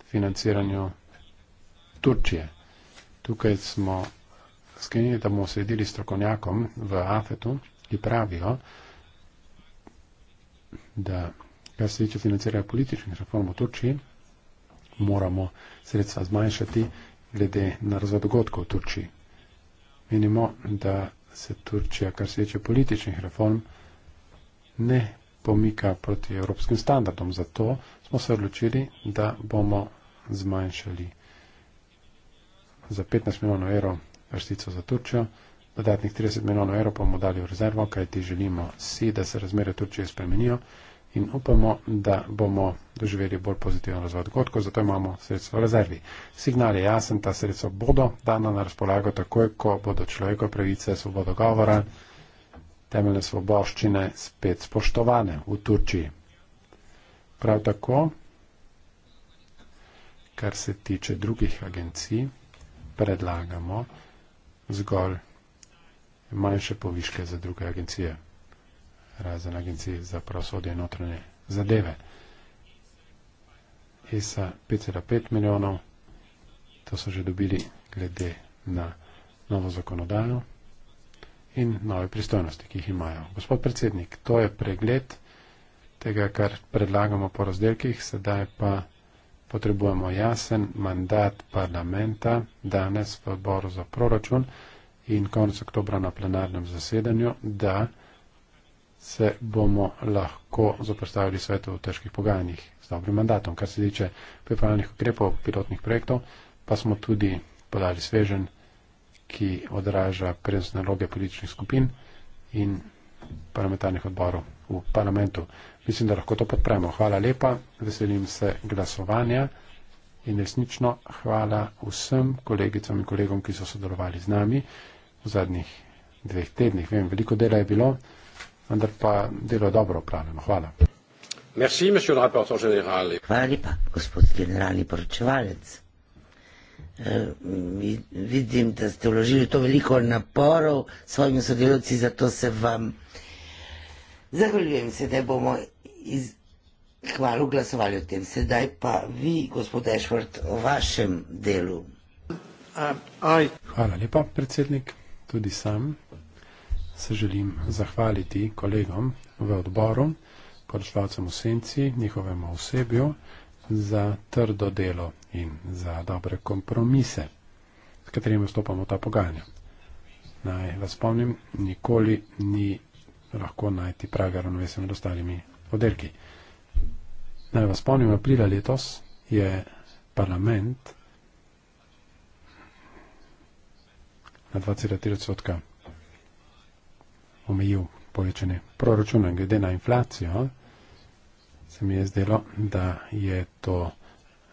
financiranju Turčije. Tukaj smo sklenili, da bomo sledili strokovnjakom v AFET-u, ki pravijo, da kar se tiče financiranja političnih reform v Turčiji, moramo sredstva zmanjšati glede na razvoj dogodkov v Turčiji. Menimo, da se Turčija, kar se tiče političnih reform, ne pomika proti evropskim standardom. Zato smo se odločili, da bomo zmanjšali za 15 milijonov evrov vrstico za Turčijo, dodatnih 30 milijonov evrov pa bomo dali v rezervo, kajti želimo si, da se razmere Turčije spremenijo in upamo, da bomo doživeli bolj pozitiven razvoj dogodkov, zato imamo sredstvo v rezervi. Signal je jasen, ta sredstvo bodo dana na razpolago takoj, ko bodo človekove pravice, svobodo govora, temeljne svoboščine spet spoštovane v Turčiji. Prav tako, kar se tiče drugih agencij, predlagamo zgolj manjše poviške za druge agencije razen agencije za pravosodje in notranje zadeve. ESA 5,5 milijonov, to so že dobili glede na novo zakonodajo in nove pristojnosti, ki jih imajo. Gospod predsednik, to je pregled tega, kar predlagamo po razdelkih, sedaj pa potrebujemo jasen mandat parlamenta danes v boru za proračun in konec oktobra na plenarnem zasedanju, da se bomo lahko zapostavili svetu v težkih pogajanjih z dobrim mandatom. Kar se tiče pripravljenih ukrepov, pilotnih projektov, pa smo tudi podali svežen, ki odraža prednostne naloge političnih skupin in parlamentarnih odborov v parlamentu. Mislim, da lahko to podpremo. Hvala lepa, veselim se glasovanja in resnično hvala vsem kolegicam in kolegom, ki so sodelovali z nami v zadnjih dveh tednih. Vem, veliko dela je bilo vendar pa delo je dobro upravljeno. Hvala. Merci, Hvala lepa, gospod generalni poročevalec. E, vidim, da ste vložili to veliko naporov svojim sodelovci, zato se vam zahvaljujem se, da bomo iz hvalu glasovali o tem. Sedaj pa vi, gospod Ešvrt, o vašem delu. Uh, Hvala lepa, predsednik, tudi sam se želim zahvaliti kolegom v odboru, podšlovcem v senci, njihovemu osebju za trdo delo in za dobre kompromise, s katerimi vstopamo v ta pogajanja. Naj vas spomnim, nikoli ni lahko najti praga ravnovesja med ostalimi oddelki. Naj vas spomnim, aprila letos je parlament na 2,3 odstotka omejil povečanje proračuna glede na inflacijo, se mi je zdelo, da je to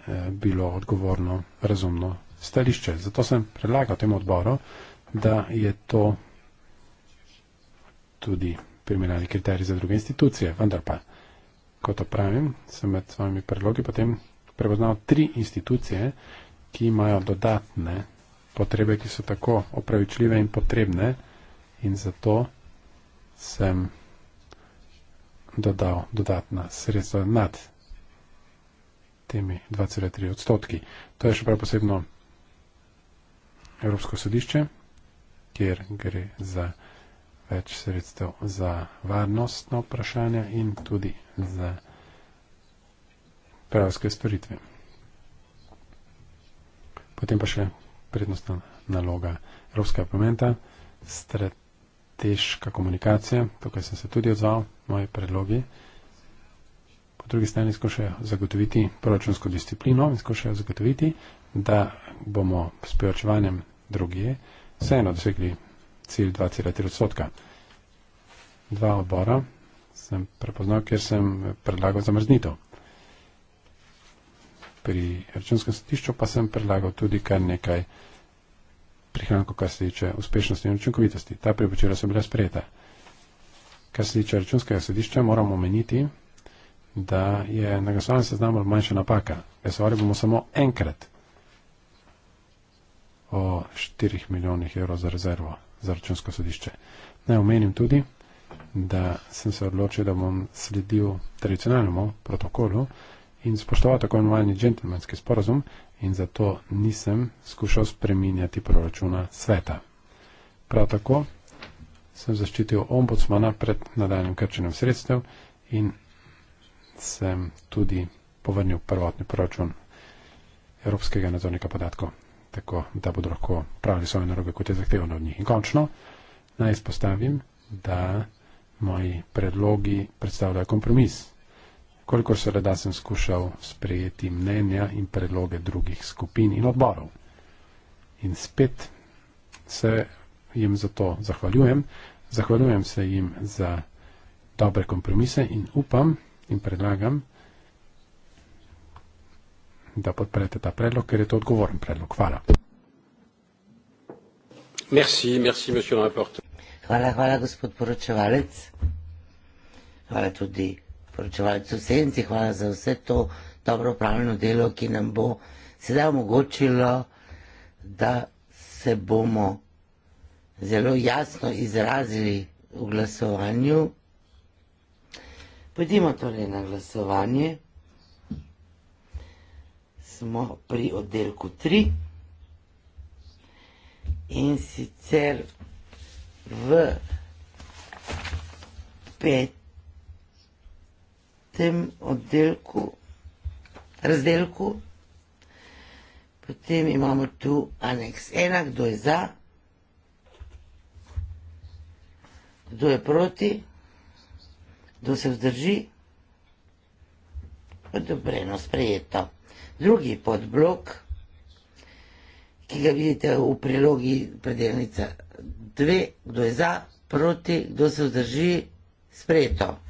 eh, bilo odgovorno, razumno stališče. Zato sem predlagal temu odboru, da je to tudi primerjali kriterij za druge institucije. Vendar pa, kot to pravim, sem med svojimi predlogi potem prepoznal tri institucije, ki imajo dodatne potrebe, ki so tako opravičljive in potrebne in zato sem dodal dodatna sredstva nad temi 2,3 odstotki. To je še prav posebno Evropsko sodišče, kjer gre za več sredstev za varnostno vprašanje in tudi za pravske storitve. Potem pa še prednostna naloga Evropskega parlamenta, strategija težka komunikacija, tukaj sem se tudi odzval, moji predlogi. Po drugi strani skušajo zagotoviti proračunsko disciplino in skušajo zagotoviti, da bomo s pojočevanjem druge vseeno dosegli cilj 2,3 odstotka. Dva odbora sem prepoznal, ker sem predlagal zamrznitev. Pri računskem sodišču pa sem predlagal tudi kar nekaj prihranku, kar se tiče uspešnosti in učinkovitosti. Ta priporočila so bila sprejeta. Kar se tiče računskega sodišča, moramo omeniti, da je na glasovanju seznamu manjša napaka. Glasovali bomo samo enkrat o 4 milijonih evrov za rezervo za računsko sodišče. Naj omenim tudi, da sem se odločil, da bom sledil tradicionalnemu protokolu, in spoštoval tako imenovani džentlmenski sporazum in zato nisem skušal spreminjati proračuna sveta. Prav tako sem zaščitil ombudsmana pred nadaljnim krčenjem sredstev in sem tudi povrnil prvotni proračun Evropskega nadzornika podatkov, tako da bodo lahko pravili svoje naroge, kot je zahtevano od njih. In končno naj izpostavim, da moji predlogi predstavljajo kompromis koliko se le da sem skušal sprejeti mnenja in predloge drugih skupin in odborov. In spet se jim za to zahvaljujem. Zahvaljujem se jim za dobre kompromise in upam in predlagam, da podprete ta predlog, ker je to odgovoren predlog. Hvala. Merci, merci, monsieur le rapporteur. Hvala, hvala, gospod poročevalec. Hvala tudi poročevalcu Senci, hvala za vse to dobro upravljeno delo, ki nam bo sedaj omogočilo, da se bomo zelo jasno izrazili v glasovanju. Pojdimo torej na glasovanje. Smo pri oddelku 3 in sicer v pet tem oddelku, razdelku. Potem imamo tu aneks ena, kdo je za, kdo je proti, kdo se vzdrži, odobreno, sprejeto. Drugi podblok, ki ga vidite v prilogi predeljnica dve, kdo je za, proti, kdo se vzdrži, sprejeto. Sprejeto.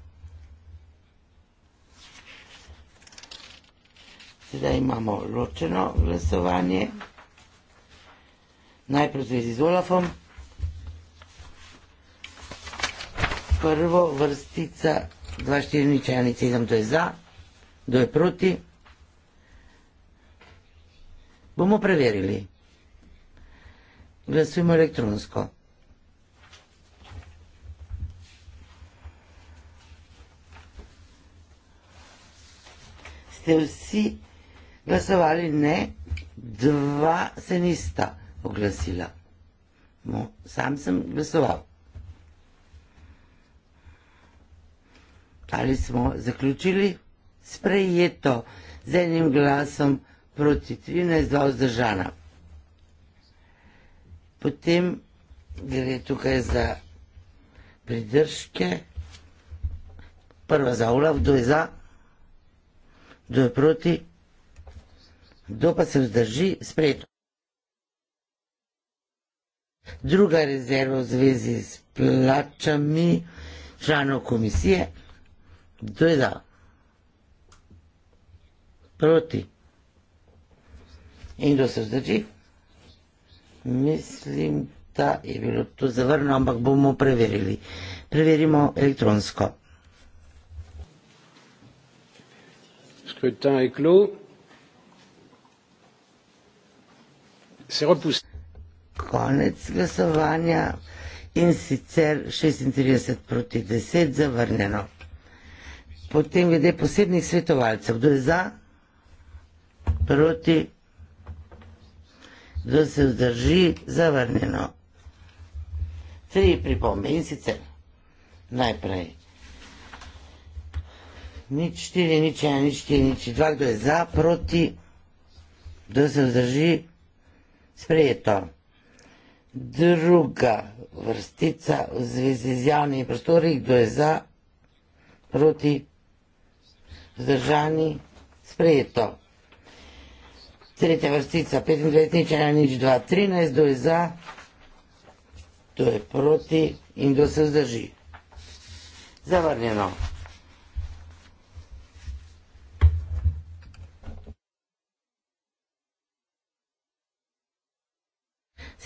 Sedaj imamo ločeno glasovanje. Najprej z Olafom. Prvo vrstica 2-4-1-7, to je za, to je proti. Bomo preverili. Glasujemo elektronsko. Ste vsi glasovali ne, dva se nista oglasila. No, sam sem glasoval. Ali smo zaključili? Sprejeto z enim glasom proti 13, dva vzdržana. Potem gre tukaj za pridržke. Prva za ula, kdo je za, kdo je proti. Kdo pa se vzdrži spred? Druga rezerva v zvezi s plačami članov komisije. Kdo je za? Proti. In kdo se vzdrži? Mislim, da je bilo to zavrno, ampak bomo preverili. Preverimo elektronsko. Skrutin je klo. se opusti. Konec glasovanja in sicer 36 proti 10 zavrnjeno. Potem glede posebnih svetovalcev, kdo je za, proti, kdo se vzdrži, zavrnjeno. Tri pripombe in sicer najprej. Nič štiri, nič ena, nič štiri, nič dva, kdo je za, proti, kdo se vzdrži, zavrnjeno sprejeto. Druga vrstica v zvezi z javnimi prostori, kdo je za, proti, vzdržani, sprejeto. Tretja vrstica, 25 nič, 1 nič, 2, 13, kdo je za, kdo je proti in kdo se vzdrži. Zavrnjeno.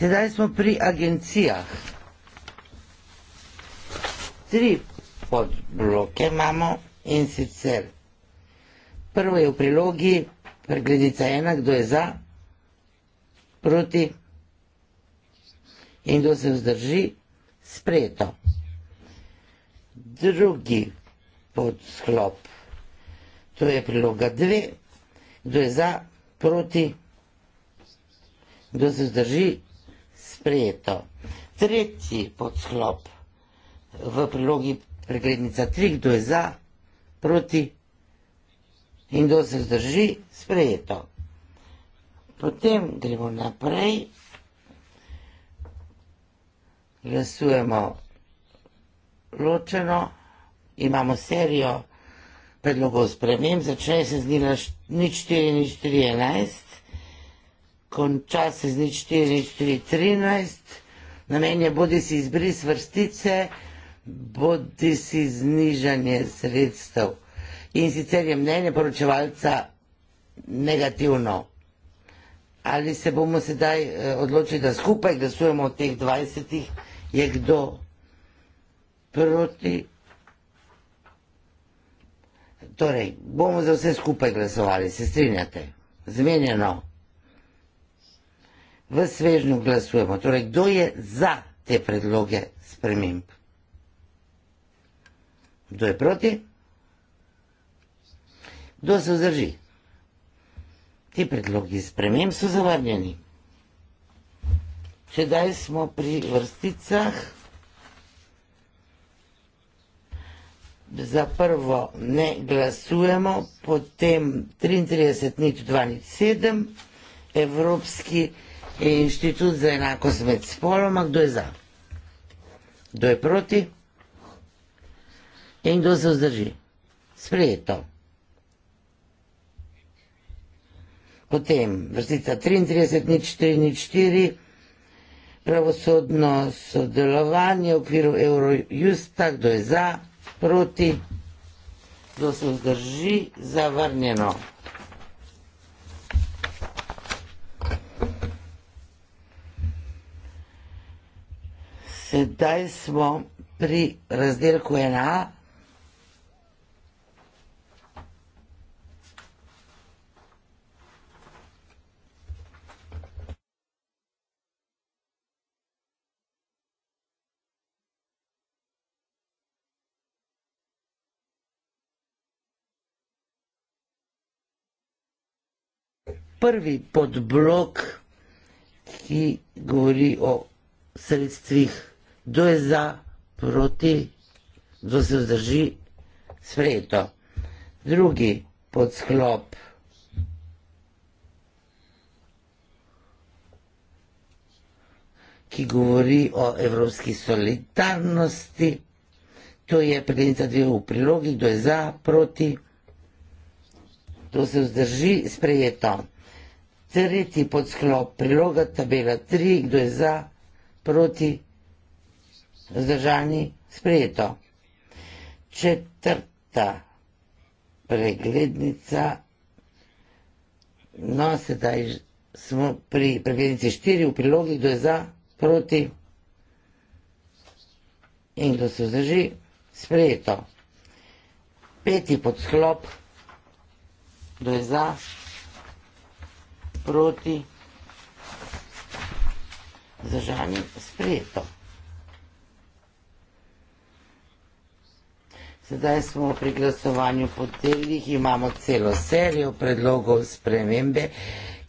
Sedaj smo pri agencijah. Tri podbloke imamo in sicer. Prvo je v prilogi pregledica ena, kdo je za, proti in kdo se vzdrži, sprejeto. Drugi podsklop, to je priloga dve, kdo je za, proti, kdo se vzdrži, sprejeto sprejeto. Tretji podsklop v prilogi preglednica 3, kdo je za, proti in kdo se zdrži, sprejeto. Potem gremo naprej, glasujemo ločeno, imamo serijo predlogov spremem, začne se z nila nič 4, nič 4, 11 konča se z nič 4, 4, 13, namen je bodi si izbris vrstice, bodi si znižanje sredstev. In sicer je mnenje poročevalca negativno. Ali se bomo sedaj eh, odločili, da skupaj glasujemo od teh 20, je kdo proti? Torej, bomo za vse skupaj glasovali, se strinjate? Zmenjeno v svežnju glasujemo. Torej, kdo je za te predloge sprememb? Kdo je proti? Kdo se vzdrži? Ti predlogi sprememb so zavrnjeni. Če daj smo pri vrsticah, za prvo ne glasujemo, potem 33 nič 2 nič 7, evropski vrstic, Inštitut za enakost med spoloma, kdo je za? Kdo je proti? In kdo se vzdrži? Sprejeto. Potem vrstica 33, nič 4, nič 4, pravosodno sodelovanje v okviru Eurojusta, kdo je za, proti, kdo se vzdrži, zavrnjeno. Sedaj smo pri razdelku 1a. Prvi podblok, ki govori o sredstvih kdo je za, proti, kdo se vzdrži, sprejeto. Drugi podsklop. ki govori o evropski solidarnosti. To je predsednica dve v prilogi, kdo je za, proti, kdo se vzdrži, sprejeto. Tretji podsklop, priloga tabela 3, kdo je za, proti, vzdržani sprejeto. Četrta preglednica, no sedaj smo pri preglednici štiri v prilogi, kdo je za, proti in kdo se vzdrži, sprejeto. Peti podsklop, kdo je za, proti, zažanje sprejeto. Sedaj smo pri glasovanju po telih, imamo celo serijo predlogov spremembe,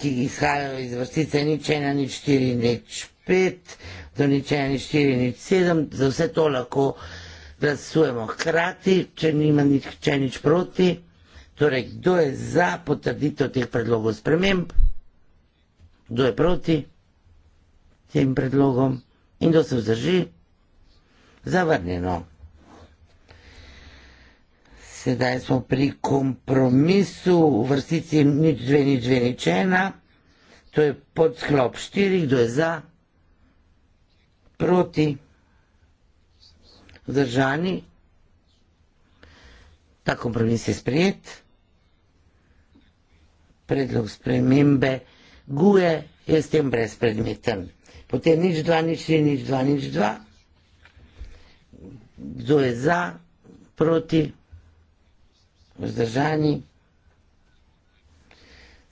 ki izhajajo iz vrstice nič ena, nič štiri, nič pet, do nič ena, nič štiri, nič sedem. Za vse to lahko glasujemo hkrati, če nima nič, če nič proti. Torej, kdo je za potrditev teh predlogov sprememb, kdo je proti tem predlogom in kdo se vzdrži? Zavrnjeno sedaj smo pri kompromisu v vrstici nič dve, nič dve, nič ena. To je pod sklop štiri, kdo je za, proti, vzdržani. Ta kompromis je sprijet. Predlog spremembe guje je s tem brezpredmeten. Potem nič dva, nič tri, nič dva, nič dva. Kdo je za, proti, vzdržani vzdržani.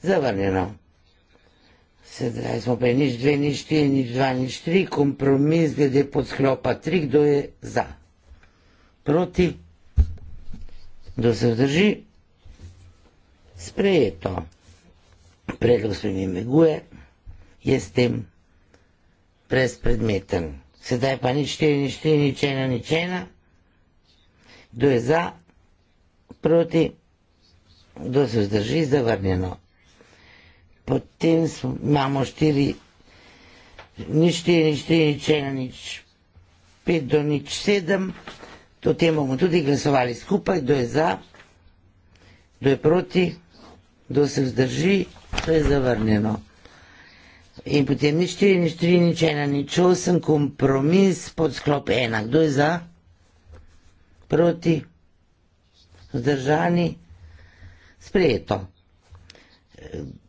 Zavrnjeno. Sedaj smo pri nič dve, nič štiri, nič dva, nič tri, kompromis glede podsklopa tri, kdo je za. Proti. Kdo se vzdrži? Sprejeto. Predlog se mi meguje, je s tem brezpredmeten. Sedaj pa nič štiri, nič tri, nič ena, nič ena. Kdo je za? proti, kdo se vzdrži, zavrnjeno. Potem smo, imamo štiri, ni štiri, ni štiri, nič ena, nič pet do nič sedem, to tem bomo tudi glasovali skupaj, kdo je za, kdo je proti, kdo se vzdrži, to je zavrnjeno. In potem nič štiri, nič tri, nič ena, nič osem, kompromis pod sklop ena, kdo je za, proti, zdržani, sprejeto.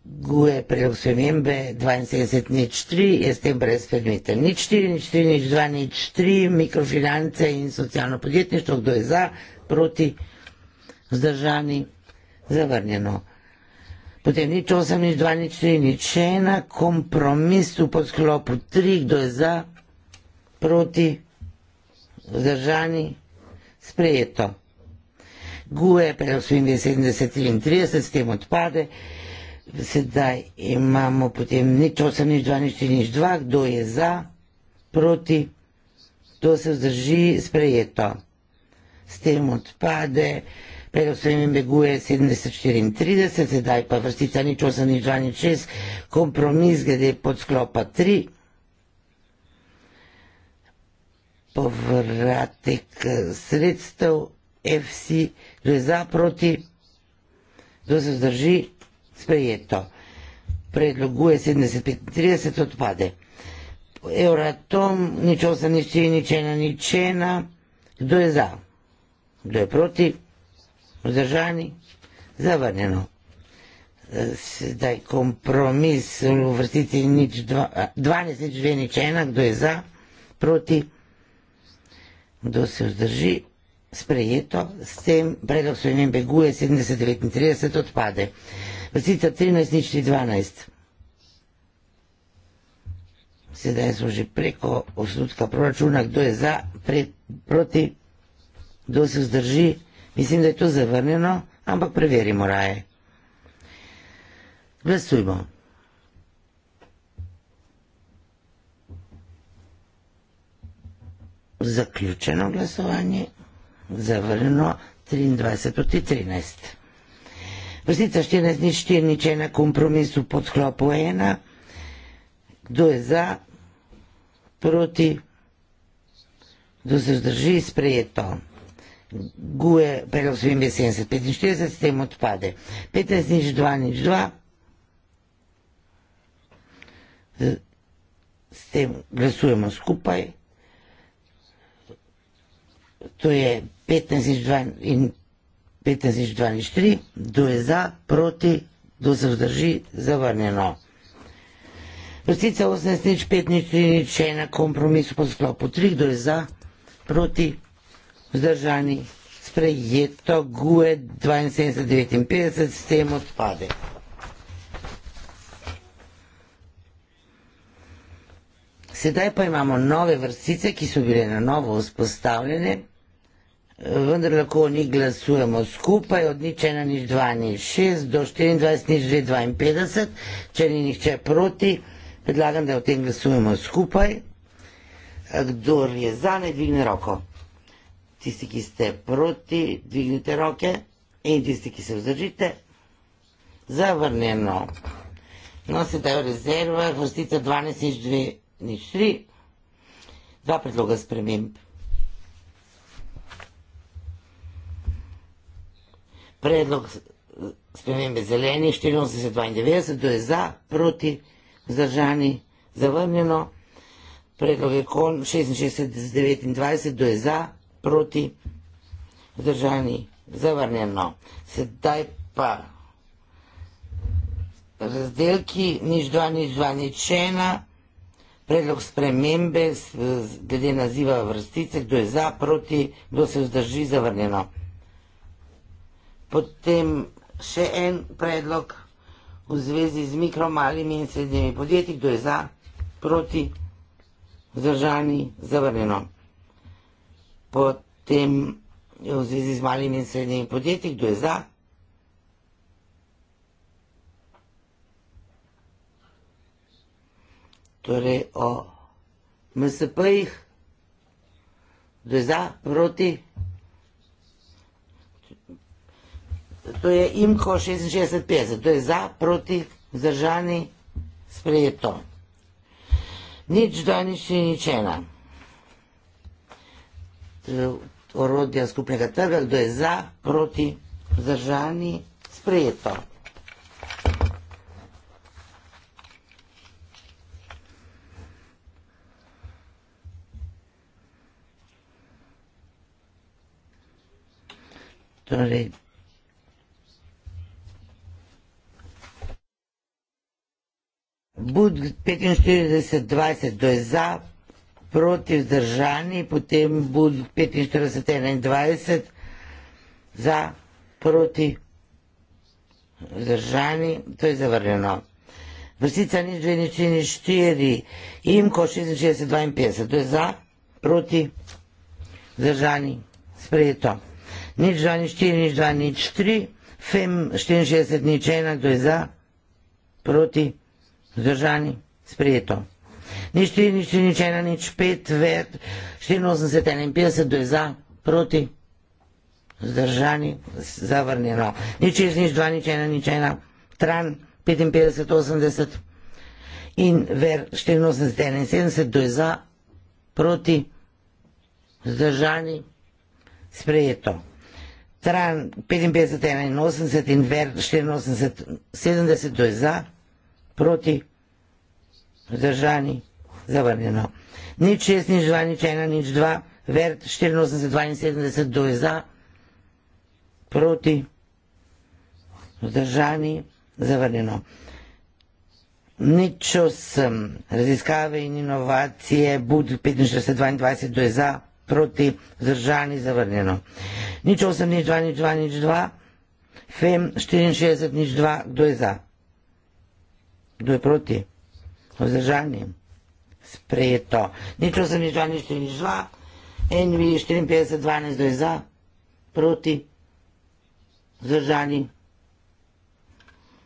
Guje prejel spremembe 72 nič 3, je s tem brez predmeta. Nič 4, nič 3, nič 2, nič 3, mikrofinance in socialno podjetništvo, kdo je za, proti, zdržani, zavrnjeno. Potem nič 8, nič 2, nič 3, nič 1, kompromis v podsklopu 3, kdo je za, proti, zdržani, sprejeto guje, pa je v svinji 37 s tem odpade. Sedaj imamo potem nič 8, nič 2, nič 4, nič 2, kdo je za, proti, to se vzdrži sprejeto. S tem odpade, prejo se jim beguje 734, sedaj pa vrstica nič 8, nič 2, nič 6, kompromis glede pod sklopa 3. Povratek eh, sredstev FC, kdo je za proti, kdo se vzdrži, sprejeto. Predloguje 7530 odpade. Euratom, nič 8, nič 4, nič 1, nič 1. Kdo je za? Kdo je proti? Vzdržani? Zavrnjeno. Sedaj kompromis v vrstici nič 12, eh, nič 2, nič 1. Kdo je za? Proti? Kdo se vzdrži? sprejeto, s tem predlog spremem beguje 7039 odpade. Vrstica 13 nič 12. Sedaj smo že preko osnutka proračuna, kdo je za, pre, proti, kdo se vzdrži. Mislim, da je to zavrnjeno, ampak preverimo raje. Glasujmo. Zaključeno glasovanje zavrnjeno 23 proti 13. Vrstica 14 ni 4 nič ena kompromis v podklopu 1. Kdo je za? Proti? Kdo se vzdrži? Sprejeto. Guje, predlog svim je 70, 45 s tem odpade. 15 nič 2 nič 2. S tem glasujemo skupaj. To je 15.2.3, kdo je za, proti, kdo se vzdrži, zavrnjeno. Vrstica 18.5.3 je na kompromisu po sklopu 3, kdo je za, proti, vzdržani, sprejeto, GUE 72.59, s tem odpade. Sedaj pa imamo nove vrstice, ki so bile na novo vzpostavljene, 15.2.3 vendar lahko o njih glasujemo skupaj, od nič ena nič dva nič šest do štiriindvajset nič dve dvainpetdeset, če ni nihče proti, predlagam, da o tem glasujemo skupaj. Kdor je za, ne dvigne roko. Tisti, ki ste proti, dvignite roke in tisti, ki se vzdržite, zavrnjeno. No, sedaj v rezervah, vrstica 12 nič 2 nič 3, dva predloga sprememb. predlog spremembe zeleni 84-92, to je za, proti, zdržani, zavrnjeno. Predlog je kon 66-29, to je za, proti, zdržani, zavrnjeno. Sedaj pa razdelki nič 2, nič 2, nič 1. Predlog spremembe glede naziva vrstice, kdo je za, proti, kdo se vzdrži, zavrnjeno. Potem še en predlog v zvezi z mikromalimi in srednjimi podjetji, kdo je za, proti, vzdržani, zavrnjeno. Potem v zvezi z malimi in srednjimi podjetji, kdo je za, torej o MSP-jih, kdo je za, proti, vzdržani. to je IMKO 66-50, to je za, proti, zdržani, sprejeto. Nič, dva, nič, ni nič ena. Orodja skupnega trga, kdo je za, proti, zdržani, sprejeto. Torej, Bud 45-20, to je za, proti vzdržani, potem Bud 45-21, za, proti vzdržani, to je zavrljeno. Vrstica nič, dve ničini, štiri, imko 66-52, to je za, proti vzdržani, sprejeto. Nič, dva, nič, štiri, nič, dva, nič, tri, fem 64, nič, ena, to je za, proti vzdržani. Zdržani, sprejeto. Ni štiri, ni štiri, nič ena, nič pet, ved, 84, 51, kdo je za, proti, zdržani, zavrnjeno. Nič šest, nič dva, nič ena, nič ena, tran, 55, 80 in ver, 84, 71, kdo je za, proti, zdržani, sprejeto. Tran, 55, 81 in ver, 84, 70, kdo je za, proti, zdržani, sprejeto proti, vzdržani, zavrnjeno. Nič šest, nič dva, nič ena, nič dva, vert 84, 72, kdo je za, proti, vzdržani, zavrnjeno. Nič osem, raziskave in inovacije, bud 65, 22, kdo je za, proti, vzdržani, zavrnjeno. Nič osem, nič dva, nič dva, nič dva, fem 64, nič dva, kdo je za kdo je proti, vzdržani, sprejeto. Nič o se ni žal, nič ni žal, en vi 54, 12, kdo je za, proti, vzdržani.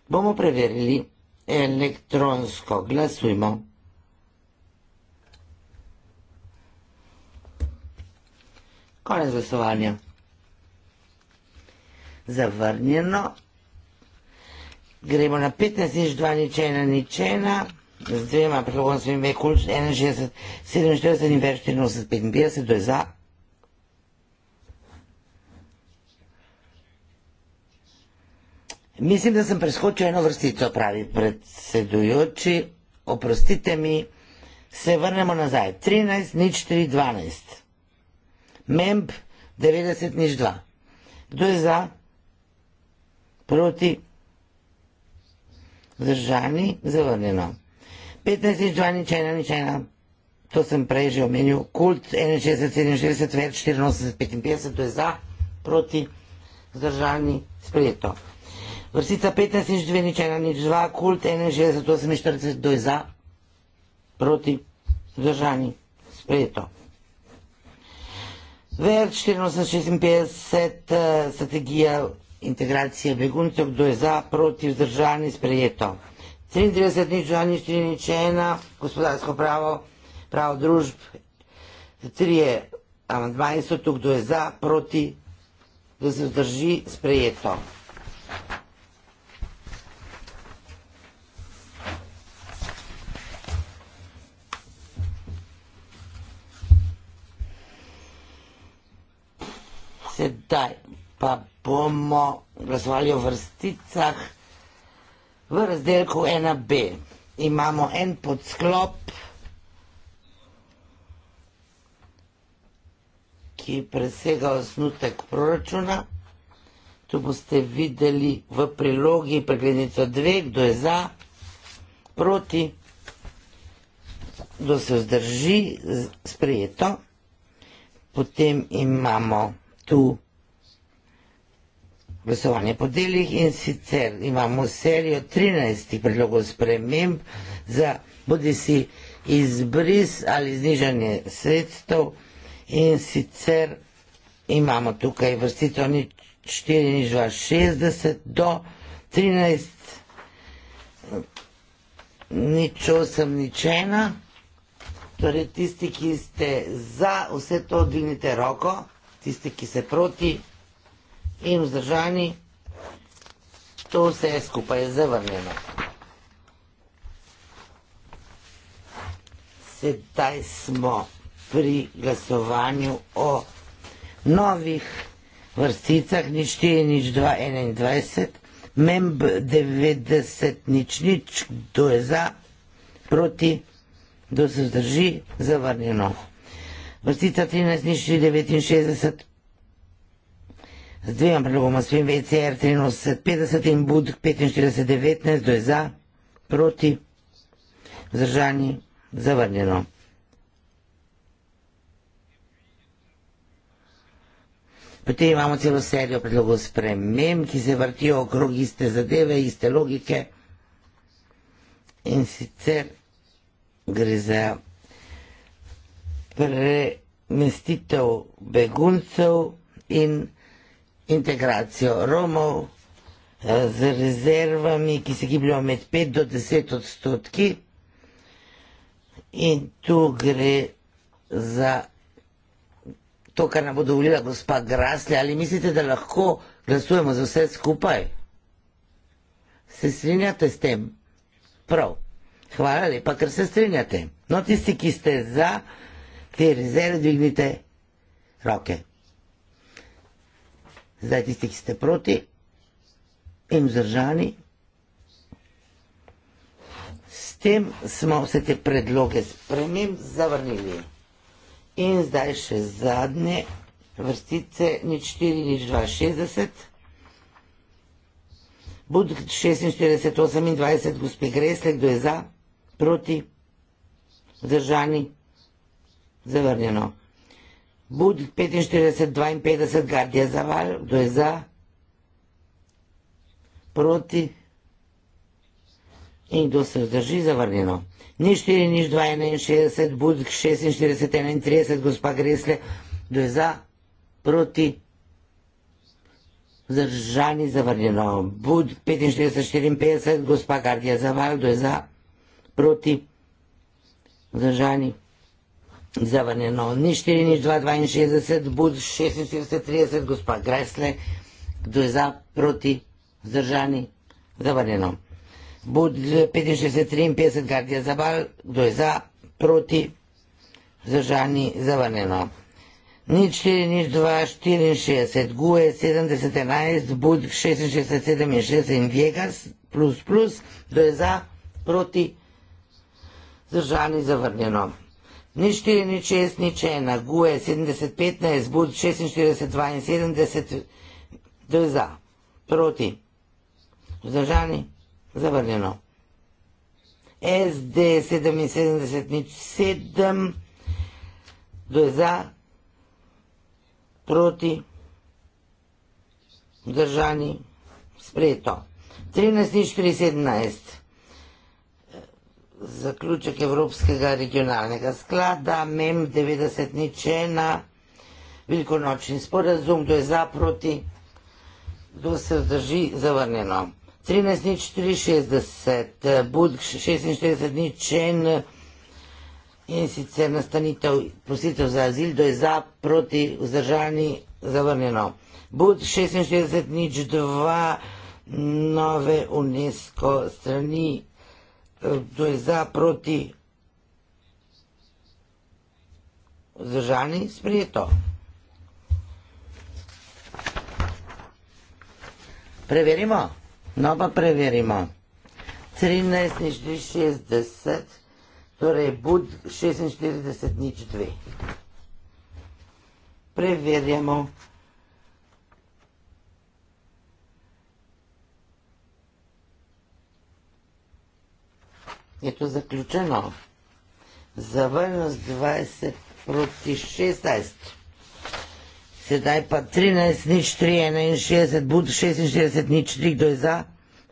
Bomo preverili elektronsko, glasujmo. Konec glasovanja. Zavrnjeno gremo na 15 nič 2 nič 1 nič 1 z dvema prilogonskimi ve kult 61 47 in več 84 55 to je za mislim da sem preskočil eno vrstico pravi predsedujoči oprostite mi se vrnemo nazaj 13 nič 3 12 memb 90 nič 2 kdo je za proti Vzdržani, zavrnjeno. 15 nič 2, nič 1, nič 1. To sem prej že omenil. Kult 61, 67, več 84, 55, to je za, proti, vzdržani, sprejeto. Vrstica 15 nič 2, nič 1, nič 2. Kult 61, 48, to je za, proti, vzdržani, sprejeto. Več 84, 56, eh, strategija integracije beguncev, kdo je za, proti, vzdržani, sprejeto. 33 nič, dva nič, tri nič, ena, gospodarsko pravo, pravo družb, tri je amandmaji so tu, kdo je za, proti, da se vzdrži, sprejeto. Sedaj pa bomo glasovali o vrsticah v razdelku 1b. Imamo en podsklop, ki presega osnutek proračuna. Tu boste videli v prilogi preglednico 2, kdo je za, proti, kdo se vzdrži, sprejeto. Potem imamo tu proračuna glasovanje po delih in sicer imamo serijo 13 predlogov sprememb za bodi si izbris ali znižanje sredstev in sicer imamo tukaj vrstico nič 4 nič 2 60 do 13 nič 8 nič 1 torej tisti, ki ste za vse to dvignite roko, tisti, ki ste proti, in vzdržani, to vse skupaj je zavrnjeno. Sedaj smo pri glasovanju o novih vrsticah, nič 4, nič 2, 21, memb 90, nič nič, kdo je za, proti, kdo se vzdrži, zavrnjeno. Vrstica 13, nič 4, 69, z dvema predlogoma s PMVCR 53 in BUD 4519, kdo je za, proti, vzdržani, zavrnjeno. Potem imamo celo serijo predlogov sprememb, ki se vrtijo okrog iste zadeve, iste logike. In sicer gre za premestitev beguncev in integracijo Romov eh, z rezervami, ki se gibljajo med 5 do 10 odstotki. In tu gre za to, kar nam bo dovolila gospa Grasli. Ali mislite, da lahko glasujemo za vse skupaj? Se strinjate s tem? Prav. Hvala lepa, ker se strinjate. No, tisti, ki ste za, te rezerve dvignite roke. Okay zdaj tisti, ki ste proti in vzdržani. S tem smo vse te predloge spremem zavrnili. In zdaj še zadnje vrstice, nič 4, nič 260. Bud 46, 28, gospe Gresle, kdo je za, proti, vzdržani, zavrnjeno. Bud 45-52, Gardija za val, kdo je za? Proti? In kdo se vzdrži zavrnjeno? Ni 4, ni 2, 61, Bud 46, 31, gospa Gresle, kdo je za? Proti? Zdržani zavrnjeno. Bud 45-54, gospa Gardija za val, kdo je za? Proti? Zdržani? Zdržani? Завърнено. Ни 4, ни 2, 62, буд 46, 30, госпа Гресле, кто е за, проти, задържани, завърнено. Буд 56, 3, 50, гардия за бал, кто е за, проти, задържани, завърнено. Ни 4, ни 2, 4, 60, гуе 7, 11, буд 6, 67, 6, инвегас, плюс, плюс, кто е за, проти, задържани, завърнено. Nič štiri, nič šest, nič ena, guje, 70, 15, bud, 46, 72, to je za, proti, vzdržani, zavrnjeno. SD 77, nič 7, to je za, proti, vzdržani, sprejeto. 13, nič 4, 17 zaključek Evropskega regionalnega sklada, MEM 90 nič ena, velikonočni sporazum, kdo je za, proti, kdo se vzdrži, zavrnjeno. 13 nič 63, Budg 46 nič en in sicer nastanitev prositev za azil, kdo je za, proti, vzdržani, zavrnjeno. Bud 46 nič 2, nove UNESCO strani To eh, je za proti vzdržani sprijeto. Preverimo? No pa preverimo. 13 nič 3, 60, torej bud 46 nič 2. Preverjamo. Preverjamo. je to zaključeno. Zavrnil z 20 proti 16. Sedaj pa 13, nič 3, 61, bud 66, nič 3, kdo je za,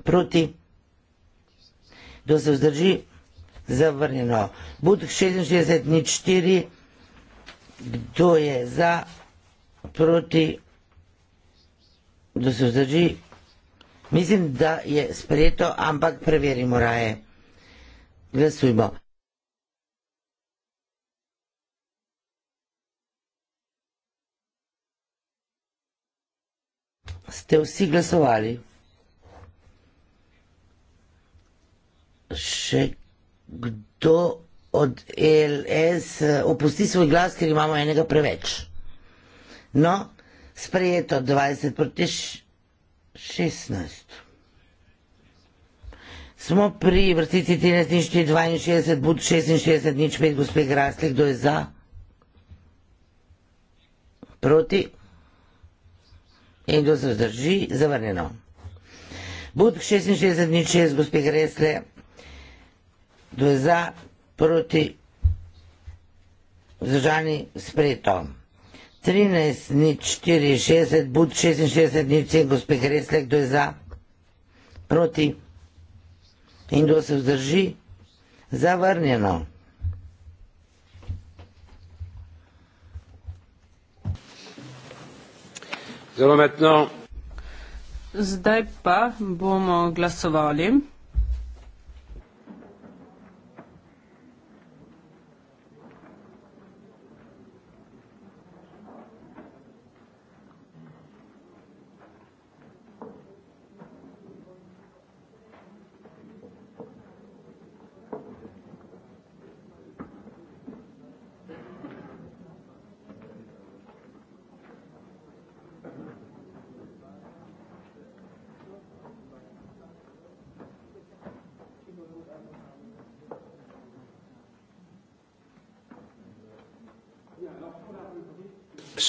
proti, kdo se vzdrži, zavrnjeno. Bud 66, nič 4, kdo je za, proti, kdo se vzdrži. Mislim, da je sprejeto, ampak preverimo raje. Glasujmo. Ste vsi glasovali? Še kdo od LS opusti svoj glas, ker imamo enega preveč? No, sprejeto 20 proti 16. Smo pri vrstici 13, 62, bud 66, nič 5, gospe Grasli, kdo je za? Proti? In kdo se vzdrži? Zavrnjeno. Bud 66, nič 6, gospe Grasli, kdo je za? Proti? Vzdržani spreto. 13, nič 4, 60, bud 66, nič 7, gospe Grasli, kdo je za? Proti? Proti? in da se vzdrži zavrnjeno. Zdaj pa bomo glasovali.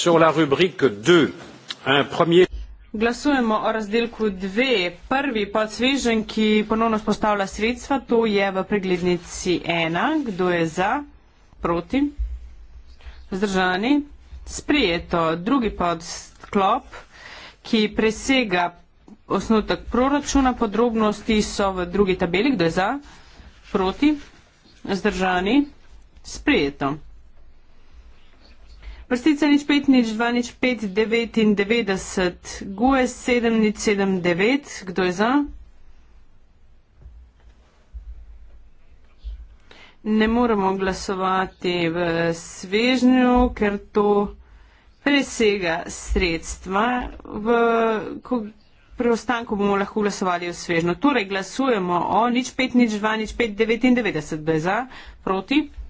sur la rubrique 2, un premier. Glasujemo o razdelku 2. Prvi podsvežen, ki ponovno spostavlja sredstva, to je v preglednici 1. Kdo je za? Proti? Zdržani? Sprijeto. Drugi podsklop, ki presega osnutek proračuna, podrobnosti so v drugi tabeli. Kdo je za? Proti? Zdržani? Sprijeto. Prstica nič pet, nič dva, nič pet, devet in devetdeset. Guje sedem, nič sedem, devet. Kdo je za? Ne moremo glasovati v svežnju, ker to presega sredstva. V preostanku bomo lahko glasovali v svežnju. Torej glasujemo o nič pet, nič dva, nič pet, devet in devetdeset. Kdo je za? Proti?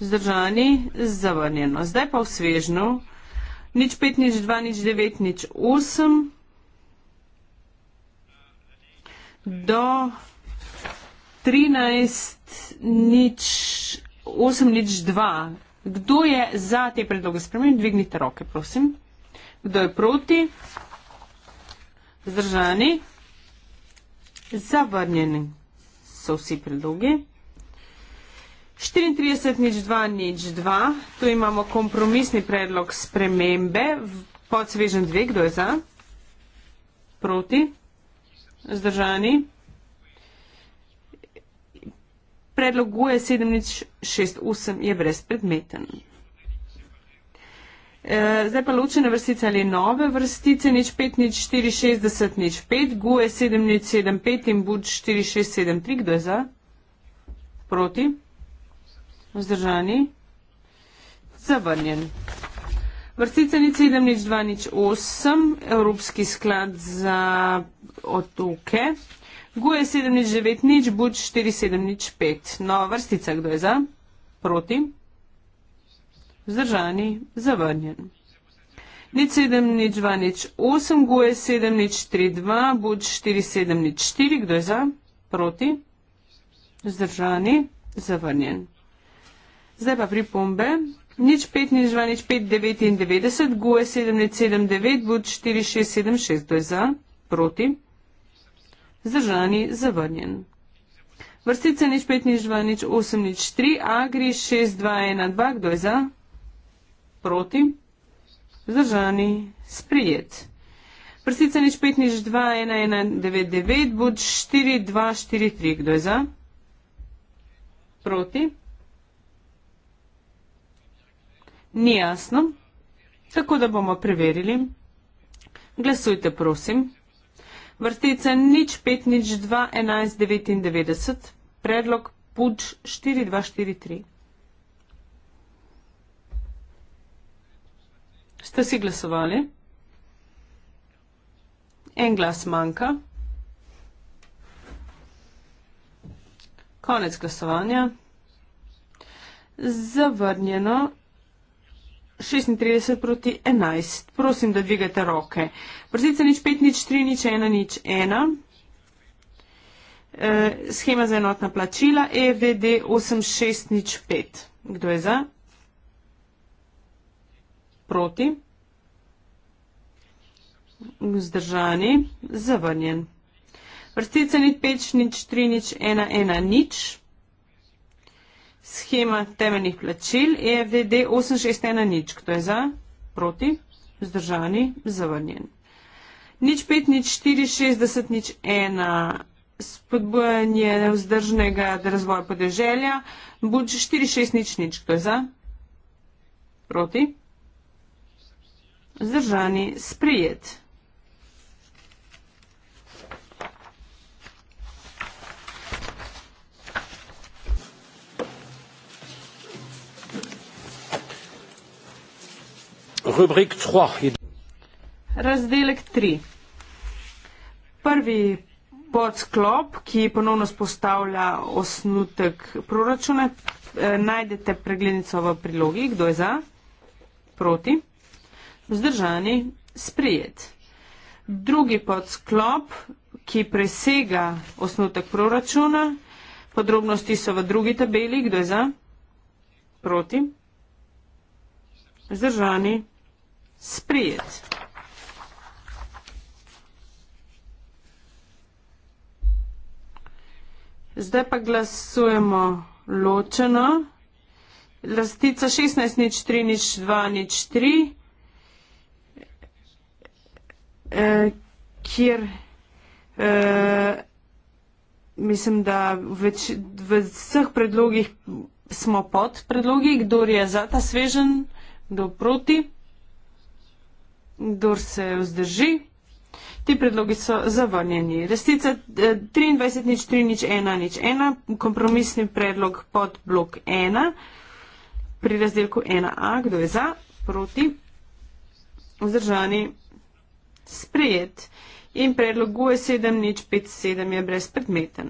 Zdržani, zavrnjeno. Zdaj pa v svežnu. Nič pet, nič dva, nič devet, nič osem. Do trinajst, nič osem, nič dva. Kdo je za te predloge spremenj? Dvignite roke, prosim. Kdo je proti? Zdržani, zavrnjeni so vsi predloge. 34 nič 2 nič 2, tu imamo kompromisni predlog spremembe, pod svežem 2, kdo je za? Proti? Zdržani? Predlog GUE 7 nič 6 8 je brezpredmeten. E, zdaj pa ločene vrstice ali nove vrstice, nič 5, nič 4, 60, nič 5, GUE 7, nič 7, 5 in BUD 4, 6, 7, 3, kdo je za? Proti? Vzdržani? Zavrnjen. Vrstica ni 7208, Evropski sklad za otoke. Guje 709 nič, buč 4705. No, vrstica, kdo je za? Proti? Vzdržani, zavrnjen. Nič 7, nič 2, nič 8, guje 7, nič 3, 2, buč 4, 7, nič 4, kdo je za? Proti? Vzdržani, zavrnjen. Zdaj pa pripombe. Nič 5, nič 2, nič 5, 99, GUE 779, BUD 4676, to je za, proti, zdržani, zavrnjen. Vrstice nič 5, nič 2, nič 8, nič 3, AGRI 6212, kdo je za, proti, zdržani, sprijet. Vrstice nič 5, nič 2, 1199, BUD 4243, kdo je za, proti. ni jasno, tako da bomo preverili. Glasujte, prosim. Vrstica nič pet nič dva enajst devetindevetdeset, predlog puč štiri dva štiri tri. Ste si glasovali? En glas manjka. Konec glasovanja. Zavrnjeno 36 proti 11. Prosim, da dvigate roke. Prsica nič 5, nič 3, nič 1, nič 1. Eh, schema za enotna plačila EVD 8605. Kdo je za? Proti. Zdržani. Zavrnjen. Vrstica nič 5, nič 3, nič 1, 1, nič. Schema temeljnih plačil je VD 861 nič, kdo je za, proti, zdržani, zavrnjen. Nič 5, nič 4, 60, nič 1, spodbojanje vzdržnega razvoja podeželja, buč 4, 6, nič, nič, kdo je za, proti, zdržani, sprijet. Rubrik 3. Razdelek 3. Prvi podsklop, ki ponovno spostavlja osnutek proračuna, eh, najdete preglednico v prilogi. Kdo je za? Proti. Vzdržani. Sprijet. Drugi podsklop, ki presega osnutek proračuna, podrobnosti so v drugi tabeli. Kdo je za? Proti. Zdržani sprijet. Zdaj pa glasujemo ločeno. Lastica 16 nič 3 nič 2 nič 3, eh, kjer eh, mislim, da več, v vseh predlogih smo pod predlogi, kdo je za ta svežen, kdo proti. Dor se vzdrži. Ti predlogi so zavrnjeni. Resnica 23 eh, nič 3 nič 1 nič 1, kompromisni predlog pod blok 1 pri razdelku 1a, kdo je za, proti, vzdržani, sprejet. In predlog GUE 7 nič 5 7 je brezpredmeten.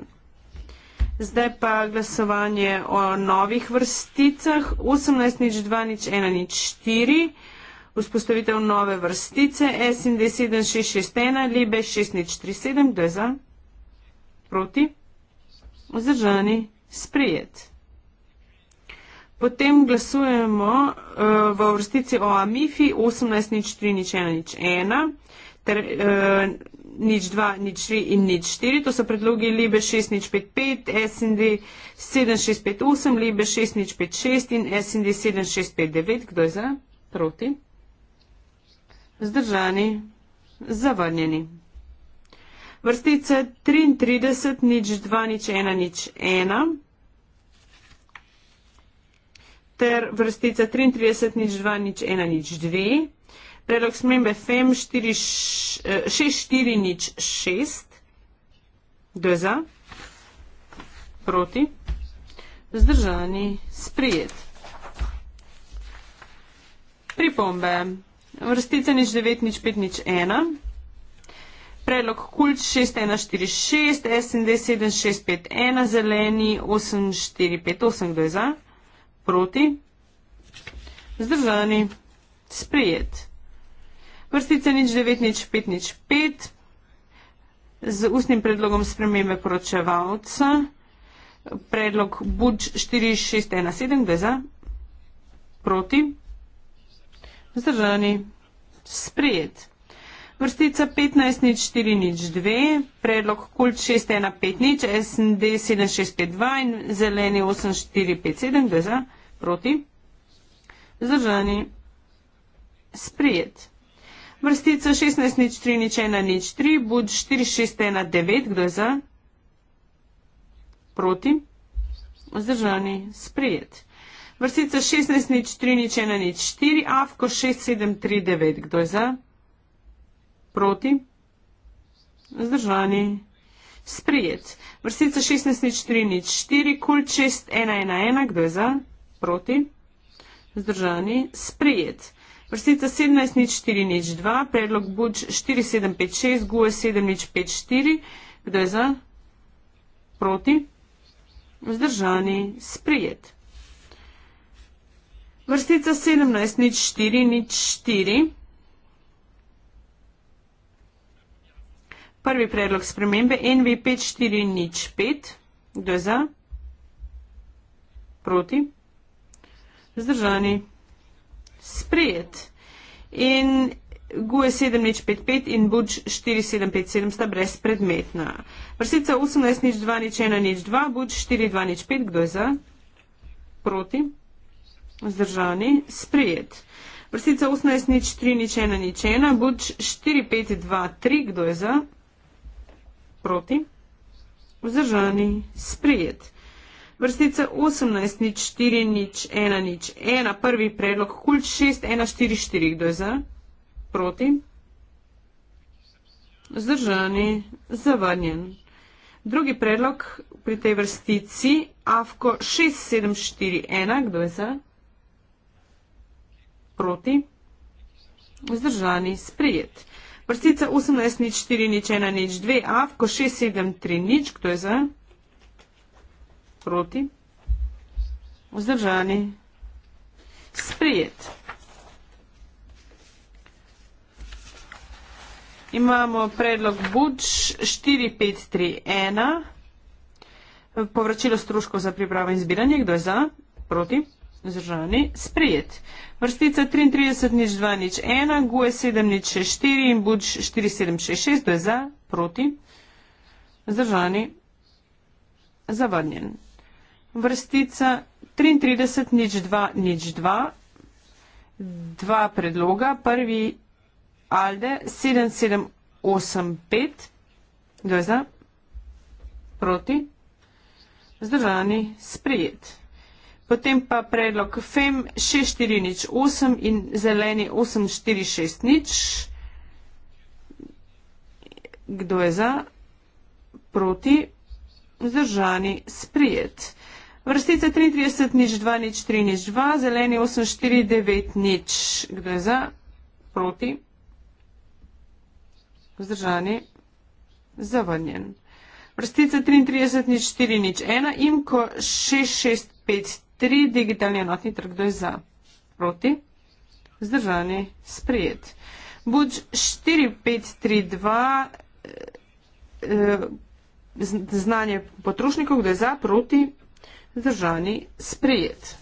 Zdaj pa glasovanje o novih vrsticah 18 nič 2 nič 1 nič 4 vzpostavitev nove vrstice SND 7661, lebe 6037, kdo je za? Proti? Vzdržani? Sprijet. Potem glasujemo uh, v vrstici o AMIFI 18.03.01 ter uh, 0.2, 0.3 in 0.4. To so predlogi LIBE 6.055, SND 7.658, LIBE 6.056 in SND 7.659. Kdo je za? Proti zdržani, zavrnjeni. Vrstice 33, nič 2, nič 1, nič 1. Ter vrstice 33, nič 2, nič 1, nič 2. Predlog smembe FEM 4, 6, 4, nič 6. Kdo je za? Proti. Zdržani, sprijet. Pripombe. Vrstica nič 9, nič 5, nič 1. Predlog Kult 6146, SND 7651, zeleni 8458, kdo je za? Proti. Zdržani. Sprijet. Vrstica nič 9, nič 5, nič 5. Z ustnim predlogom spremembe poročevalca. Predlog Budž 4617, kdo je za? Proti. Vzdržani. Sprijet. Vrstica 15 nič 4 nič 2, predlog kult 615 nič, SND 7652 in zeleni 8457, kdo je za? Proti. Vzdržani. Sprijet. Vrstica 16 nič 3 nič 1 nič 3, bud 4619, kdo je za? Proti. Vzdržani. Sprijet. Vrstica 16 nič 3 nič 1 nič 4, avko 6 7 3 9. Kdo je za? Proti? Zdržani. Sprijet. Vrstica 16 nič 3 nič 4, kul 6 1 1 1. Kdo je za? Proti? Zdržani. Sprijet. Vrstica 17 nič 4 nič 2, predlog buč 4 7 5 6, guje 7 nič 5 4. Kdo je za? Proti? Vzdržani, sprijet vrstica 17, nič 4, nič 4. Prvi predlog spremembe NV 5, 4, nič 5. Kdo je za? Proti? Zdržani? Sprejet. In GUE 7, nič 5, 5 in BUČ 4, 7, 5, 7 sta brezpredmetna. Vrstica 18, nič 2, nič 1, nič 2, BUČ 4, 2, nič 5. Kdo je za? Proti? Zdržani, sprejet. Vrstica 18, nič, 3, nič, 1, nič, 1. Buč 4, 5, 2, 3. Kdo je za? Proti. Vzdržani, sprejet. Vrstica 18, nič, 4, nič, 1, nič, 1. Prvi predlog, kult 6, 1, 4, 4. Kdo je za? Proti. Vzdržani, zavrnjen. Drugi predlog pri tej vrstici, avko 6, 7, 4, 1. Kdo je za? Proti proti, vzdržani, sprijet. Vrstica 18, nič, 4, nič, 1, nič, 2, avko 6, 7, 3, nič, kdo je za, proti, vzdržani, sprijet. Imamo predlog Budž 4531, povračilo stroškov za pripravo in zbiranje, kdo je za, proti, vzdržani, sprijet zdržani, sprejet. Vrstica 33 nič 2 nič 1, guje 7 nič 6 4 in buč 4 7 6 6, to je za, proti, zdržani, zavadnjen. Vrstica 33 nič 2 nič 2, dva predloga, prvi alde 7 7 8 5, to je za, proti, zdržani, sprejet. Potem pa predlog FEM e 6408 in zeleni 8460. Kdo je za? Proti? Zdržani? Sprijet. Vrstica 33 nič 2 nič 3 nič 2, zeleni 849 nič. Kdo je za? Proti? Zdržani? Zavrnjen. Vrstica 33 nič 4 nič 1 in ko 6653. 3 digitalni enotni trg, kdo je za, proti, zdržani, sprijet. Budž 4532, eh, znanje potrošnikov, kdo je za, proti, zdržani, sprijet.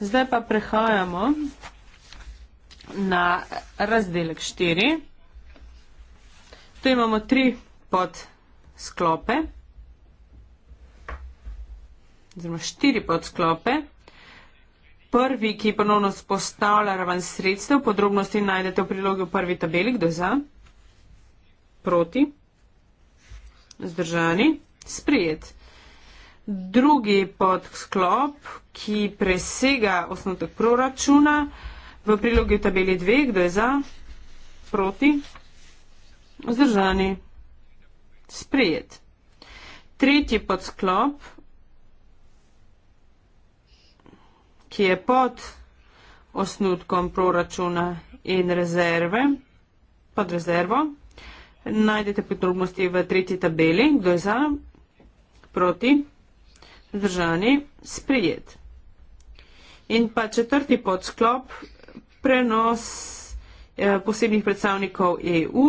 Zdaj pa prehajamo na razdelek 4. Tu imamo tri podrežnike sklope, oziroma štiri podsklope. Prvi, ki ponovno spostavlja raven sredstev, podrobnosti najdete v prilogi v prvi tabeli, kdo za, proti, zdržani, sprijet. Drugi podsklop, ki presega osnotek proračuna, v prilogi v tabeli 2, kdo je za, proti, zdržani, sprejet. Tretji podsklop, ki je pod osnutkom proračuna in rezerve, pod rezervo, najdete podrobnosti v tretji tabeli, kdo je za, proti, zdržani, sprejet. In pa četrti podsklop, prenos eh, posebnih predstavnikov EU.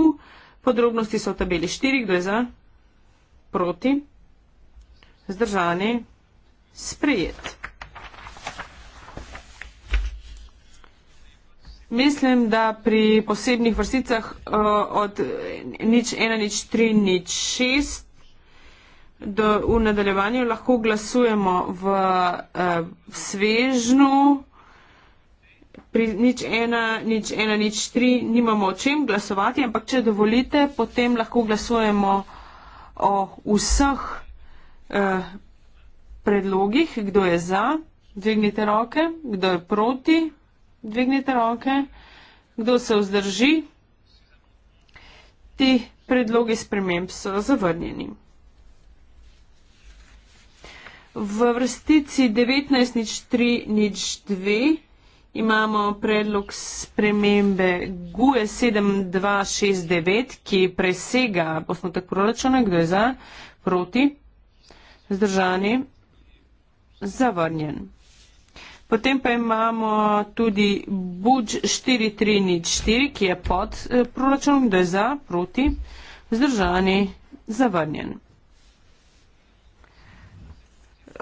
Podrobnosti so v tabeli 4, kdo je za, proti, zdržani, sprejet. Mislim, da pri posebnih vrsticah uh, od nič 1, nič 3, nič 6 v nadaljevanju lahko glasujemo v uh, eh, svežnu pri nič ena, nič ena, nič tri nimamo o čem glasovati, ampak če dovolite, potem lahko glasujemo o vseh eh, predlogih, kdo je za, dvignite roke, kdo je proti, dvignite roke, kdo se vzdrži. Ti predlogi sprememb so zavrnjeni. V vrstici 19.03.02 imamo predlog spremembe GUE 7269, ki presega posnotek proračuna, kdo je za, proti, zdržani, zavrnjen. Potem pa imamo tudi budž 4304, ki je pod eh, proračunom, kdo je za, proti, zdržani, zavrnjen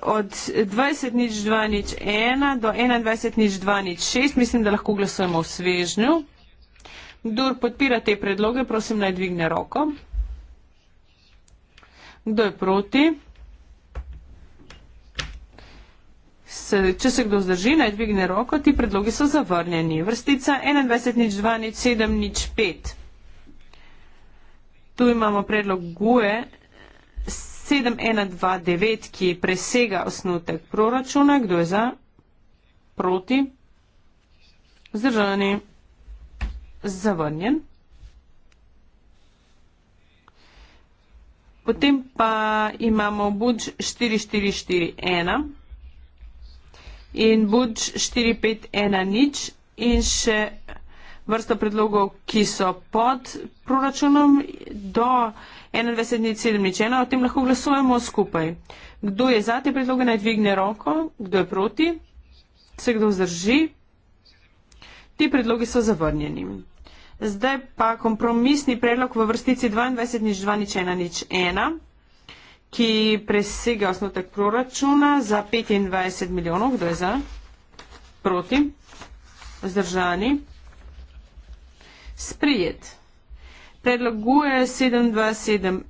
od 20 nič 2 nič 1 do 21 nič 2 nič 6, mislim, da lahko glasujemo v svežnju. Kdor podpira te predloge, prosim naj dvigne roko. Kdo je proti? Se, če se kdo zdrži, naj dvigne roko, ti predlogi so zavrnjeni. Vrstica 21 nič 2 nič 7 nič 5. Tu imamo predlog GUE 7129, ki presega osnutek proračuna. Kdo je za? Proti? Zdržani? Zavrnjen? Potem pa imamo budž 4441 in budž 4510 in še vrsto predlogov, ki so pod proračunom do 21.71, o tem lahko glasujemo skupaj. Kdo je za te predloge, naj dvigne roko, kdo je proti, se kdo zdrži. Ti predlogi so zavrnjeni. Zdaj pa kompromisni predlog v vrstici 22.21.1, ki presega osnotek proračuna za 25 milijonov, kdo je za, proti, zdržani, sprijet predlog GUE 7271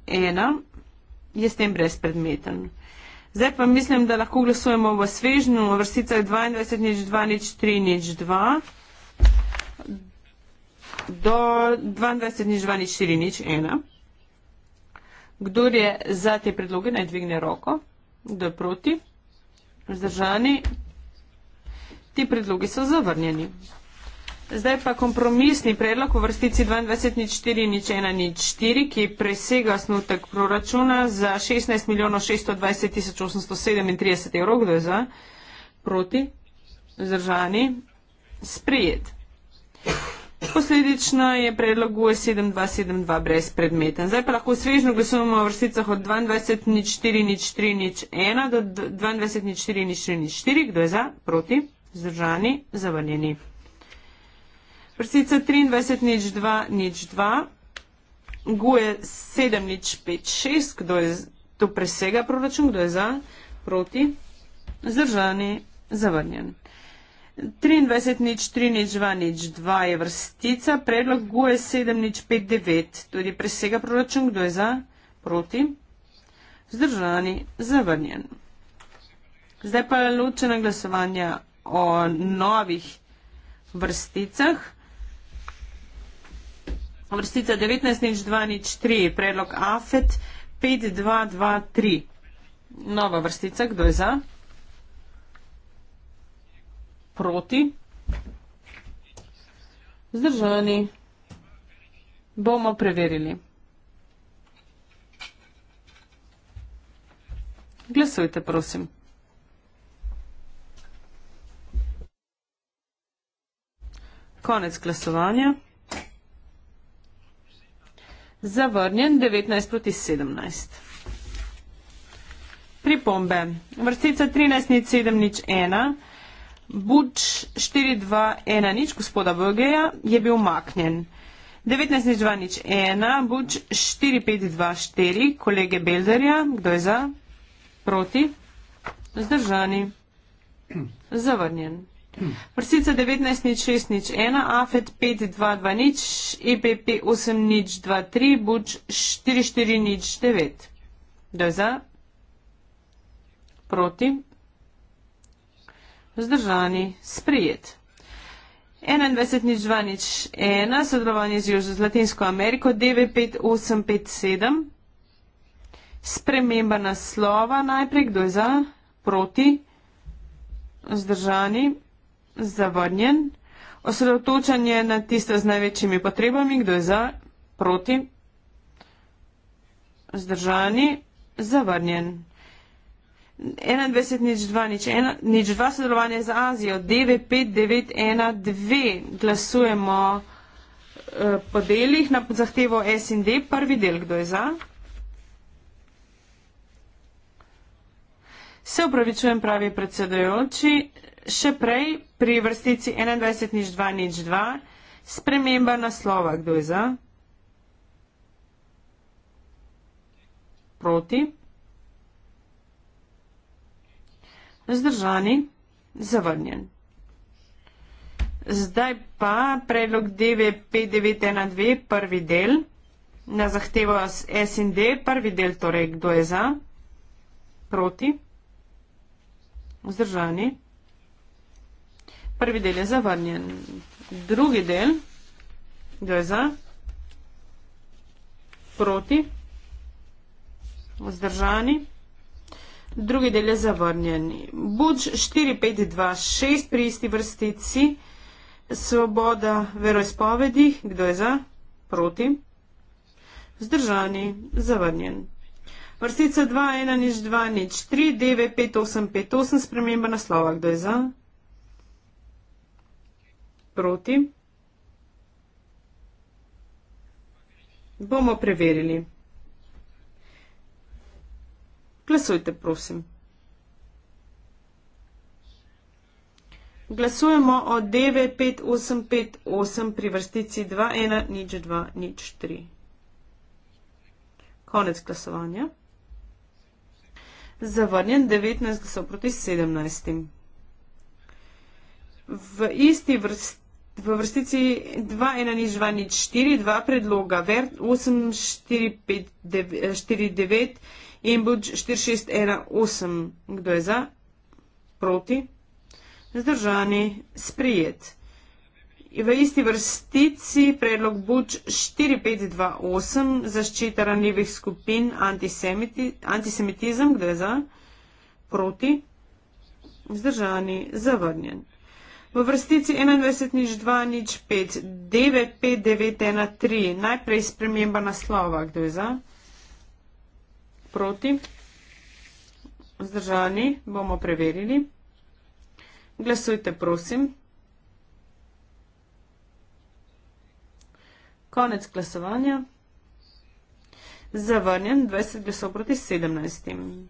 je s tem brezpredmeten. Zdaj pa mislim, da lahko glasujemo v svežnju v vrsticah 22 nič 2 nič 3 nič 2 do 22 nič 2 nič 4 nič 1. Kdor je za te predloge, naj dvigne roko. Kdo je proti? Zdržani. Ti predlogi so zavrnjeni. Zdaj pa kompromisni predlog v vrstici 22.4.1.4, ki presega snutek proračuna za 16 milijonov 620 tisoč 837 evrov, kdo je za, proti, zdržani, sprijet. Posledično je predlog UE 7272 brezpredmeten. Zdaj pa lahko svežno glasujemo o vrsticah od 22.4.1 do 22.4.4, kdo je za, proti, zdržani, zavrnjeni. Prsica 23, nič 2, nič 2. Guje 7, nič 5, 6. Kdo je to presega proračun? Kdo je za? Proti? Zdržani? Zavrnjen. 23, nič 3, nič 2, nič 2 je vrstica. Predlog guje 7, nič 5, 9. Tudi presega proračun? Kdo je za? Proti? Zdržani? Zavrnjen. Zdaj pa je ločena glasovanja o novih vrsticah vrstica 19.02.3, predlog AFET e 5.2.2.3. Nova vrstica, kdo je za? Proti? Zdržani? Bomo preverili. Glasujte, prosim. Konec glasovanja zavrnjen 19 proti 17. Pripombe. Vrstica 13 nič 7 nič 1, buč 4 2 1 nič gospoda Vogeja je bil maknjen. 19 nič 2 nič 1, buč 4 5 2 4 kolege Belderja, kdo je za? Proti? Zdržani. Zavrnjen. Vrstica 19 nič 6 e nič 1, AFET 5 2 2 nič, EPP 8 nič 2 3, Buč 4 4 nič 9. Da za? Proti? Vzdržani? Sprijet. 21 nič 2 nič 1, sodelovanje z Jožo z Latinsko Ameriko, DV 5 8 5 7. Sprememba naslova najprej, kdo je za? Proti? Vzdržani? Sprijet zavrnjen, osredotočanje na tiste z največjimi potrebami, kdo je za, proti, zdržani, zavrnjen. 21 nič 2 nič 1 nič 2 sodelovanje z Azijo 95912 glasujemo eh, po delih na zahtevo SND prvi del kdo je za se upravičujem pravi predsedojoči še prej pri vrstici 21 nič 2 nič 2 sprememba naslova, kdo je za? Proti? Zdržani? Zavrnjen. Zdaj pa predlog DV5912, prvi del, na zahtevo SND, prvi del torej, kdo je za, proti, vzdržani. Prvi del je zavrnjen. Drugi del, kdo je za, proti, vzdržani. Drugi del je zavrnjen. Buč 4526 pri isti vrstici. Svoboda veroizpovedi, kdo je za, proti, vzdržani, zavrnjen. Vrstica 2, 1, nič, 2, nič, 3, 9, 5, 8, 5, 8, sprememba naslova, kdo je za, proti. Bomo preverili. Glasujte, prosim. Glasujemo o DV5858 pri vrstici 210203. Konec glasovanja. Zavrnjen 19 glasov proti 17. V isti vrsti. V vrstici 2, 1, nič, 2, nič, 4, 2 predloga, ver 8, 4, 5, 9, 4, 9 in budž 4, 6, 1, 8. Kdo je za? Proti? Zdržani? Sprijet. V isti vrstici predlog budž 4, 5, 2, 8, zaščita ranljivih skupin, antisemiti, antisemitizem. Kdo je za? Proti? Zdržani? Zavrnjen. V vrstici 21.02.05 95913. Najprej sprememba naslova. Kdo je za? Proti? Zdržani? Bomo preverili. Glasujte, prosim. Konec glasovanja. Zavrnjen 20 glasov proti 17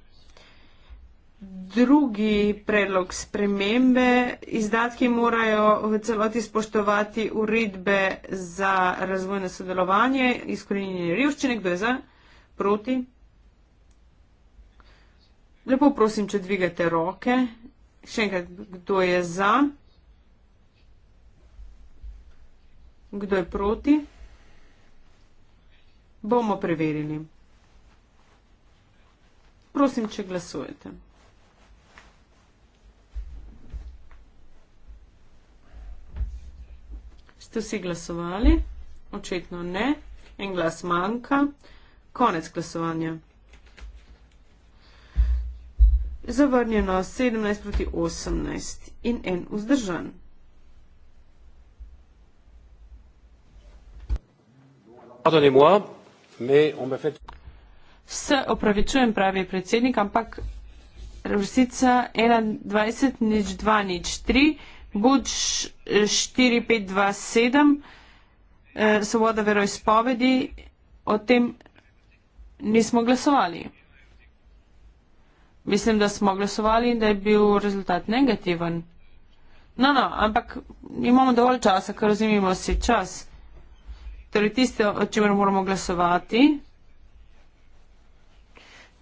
drugi predlog spremembe. Izdatki morajo v celoti spoštovati uredbe za razvojne sodelovanje, izkorenjenje revščine, kdo je za, proti. Lepo prosim, če dvigate roke. Še enkrat, kdo je za, kdo je proti. Bomo preverili. Prosim, če glasujete. Ste vsi glasovali? Očitno ne. En glas manjka. Konec glasovanja. Zavrnjeno 17 proti 18 in en vzdržan. Se opravičujem, pravi predsednik, ampak resnica 21 nič 2 nič 3. Bud 4527, eh, eh, svoboda veroizpovedi, o tem nismo glasovali. Mislim, da smo glasovali in da je bil rezultat negativen. No, no, ampak imamo dovolj časa, ker razumemo si čas. Torej, tiste, o čemer moramo glasovati.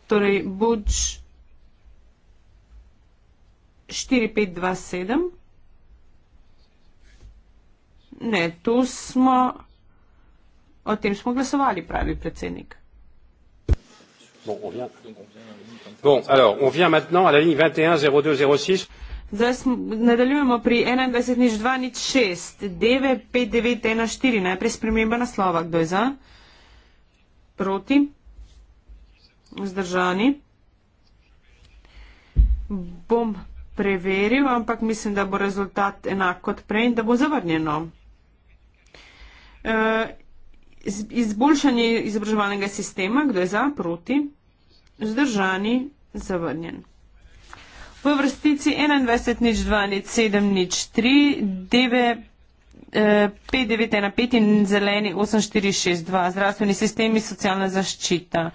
Torej, Budž 4527. Ne, tu smo. O tem smo glasovali, pravi predsednik. Bon, on vient. Bon, alors, on vient maintenant à la ligne 21-02-06. Zdaj nadaljujemo pri 21-02-06. DV5914, najprej sprememba naslova. Kdo je za? Proti? Zdržani? Bom preveril, ampak mislim, da bo rezultat enak kot prej in da bo zavrnjeno izboljšanje izobraževalnega sistema, kdo je za, proti, vzdržani, zavrnjen. V vrstici 21 nič 2 nič 7 nič 3, 9, 5, 9, 1, 5 in zeleni 8, 4, 6, 2, zdravstveni sistem in socialna zaščita.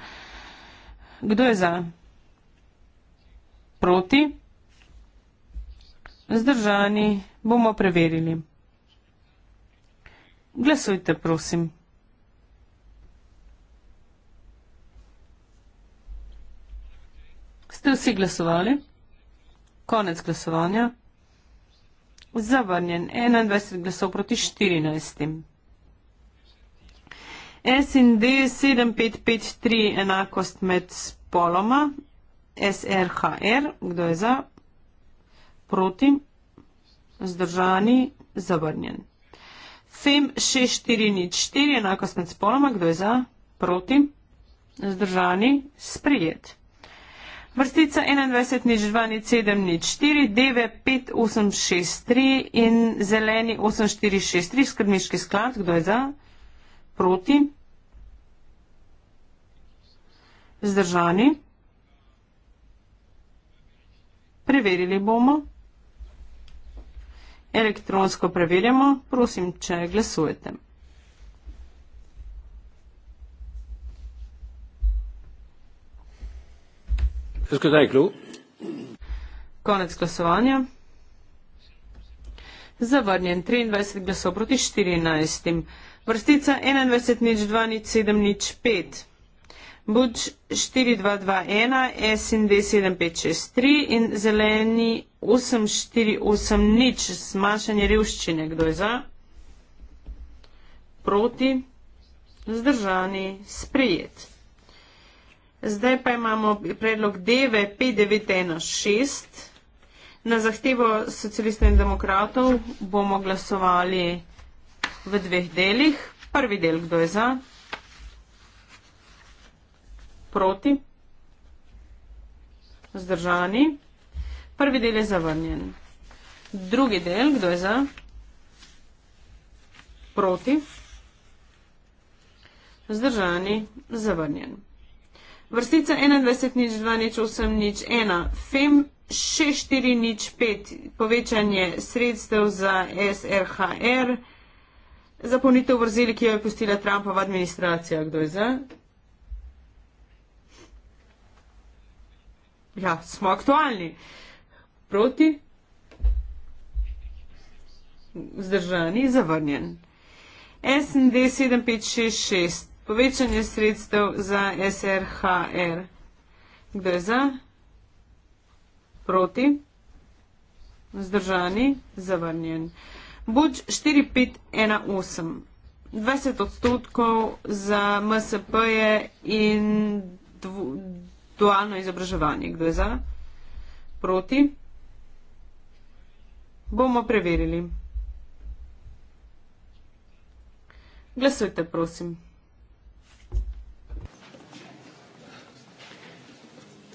Kdo je za? Proti? Zdržani. Bomo preverili. Glasujte, prosim. Ste vsi glasovali? Konec glasovanja. Zavrnjen. 21 glasov proti 14. S in D 7553 enakost med spoloma. SRHR. Kdo je za? Proti. Zdržani. Zavrnjen sem šest štiri nič štiri enakost med spoloma, kdo je za, proti, zdržani, sprijet. Vrstica 21 nič 2 nič 7 nič 4, deve 5 8 6 3 in zeleni 8 4 6 3, skrbniški sklad, kdo je za, proti, zdržani. Preverili bomo elektronsko preverjamo, prosim, če glasujete. Konec glasovanja. Zavrnjen 23 glasov proti 14. Vrstica 21 nič 2 nič 7 nič 5. Buč 4221, SND 7563 in zeleni 8480, zmanjšanje revščine. Kdo je za? Proti? Zdržani? Sprejet. Zdaj pa imamo predlog DEVE 5916. Na zahtevo socialistov in demokratov bomo glasovali v dveh delih. Prvi del, kdo je za? proti, vzdržani. Prvi del je zavrnjen. Drugi del, kdo je za, proti, vzdržani, zavrnjen. Vrstica 21 nič 2 nič 8 nič 1, FEM 64 nič 5, povečanje sredstev za SRHR, zapolnitev vrzeli, ki jo je pustila Trumpova administracija, kdo je za, ja, smo aktualni. Proti? Zdržani, zavrnjen. SND 7566. Povečanje sredstev za SRHR. Kdo je za? Proti? Zdržani, zavrnjen. Buč 4518. 20 odstotkov za MSP-je in dualno izobraževanje. Kdo je za? Proti? Bomo preverili. Glasujte, prosim.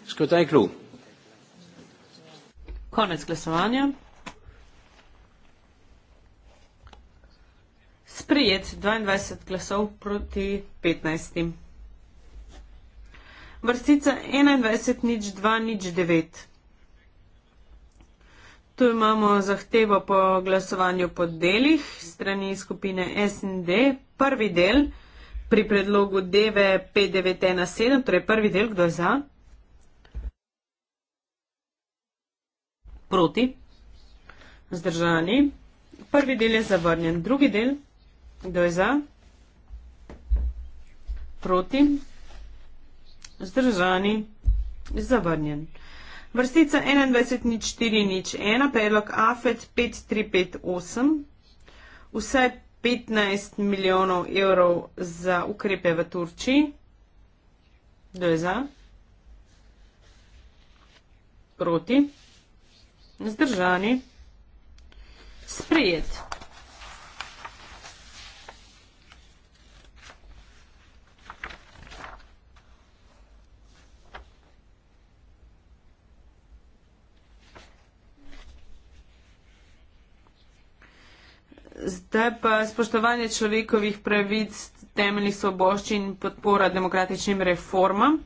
Skrutaj klu. Konec glasovanja. Sprijet 22 glasov proti 15 vrstica 21 nič 2 nič 9. Tu imamo zahtevo po glasovanju po delih strani skupine SND. Prvi del pri predlogu DV5917, torej prvi del, kdo je za? Proti. Zdržani. Prvi del je zavrnjen. Drugi del, kdo je za? Proti. Zdržani. Zavrnjen. Vrstica 21.04.01, predlog AFET e 5358. Vse 15 milijonov evrov za ukrepe v Turčiji. Kdo je za? Proti. Zdržani. Sprejet. zdaj pa spoštovanje človekovih pravic, temeljnih svoboščin in podpora demokratičnim reformam.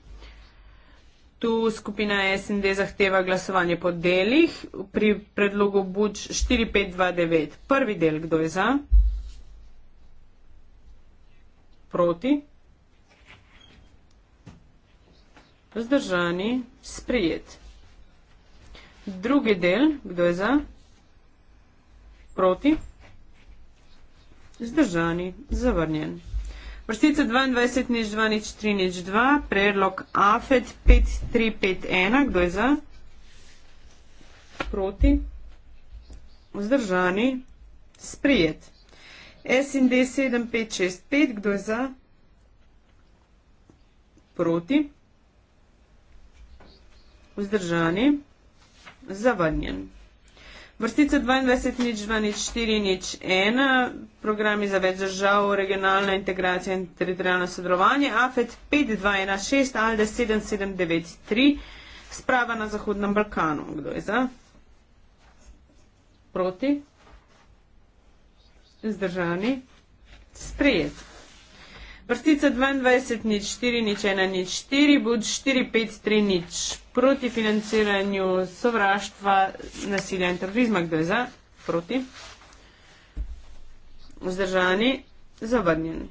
Tu skupina SND zahteva glasovanje po delih pri predlogu Buč 4529. Prvi del, kdo je za? Proti? Zdržani? Sprijet. Drugi del, kdo je za? Proti? Zdržani, zavrnjen. Vrstica 22 nič 2 nič 3 nič 2, predlog AFED 5351, kdo je za? Proti. Vzdržani. Sprijet. SND 7565, kdo je za? Proti. Vzdržani. Zavrnjen. Vrstice 22, nič 2, nič 4, nič 1, programi za več držav, regionalna integracija in teritorijalno sodelovanje, AFET 5, 2, 1, 6, ALDE 7, 7, 9, 3, sprava na Zahodnem Balkanu. Kdo je za? Proti? Zdržani? Sprejet. Vrstica 22, nič 4, nič 1, nič 4, bud 4, 5, 3, nič proti financiranju sovraštva, nasilja in terorizma, kdo je za, proti. Vzdržani, zavrnjen.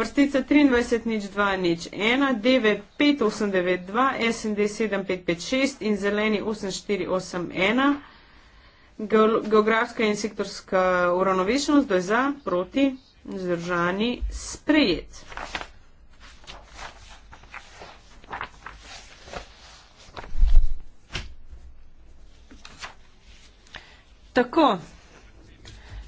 Vrstica 23, nič 2, nič 1, DV 5892, SND 7556 in zeleni 8481. Geografska in sektorska uravnovešenost, kdo je za, proti zdržani, sprejet. Tako,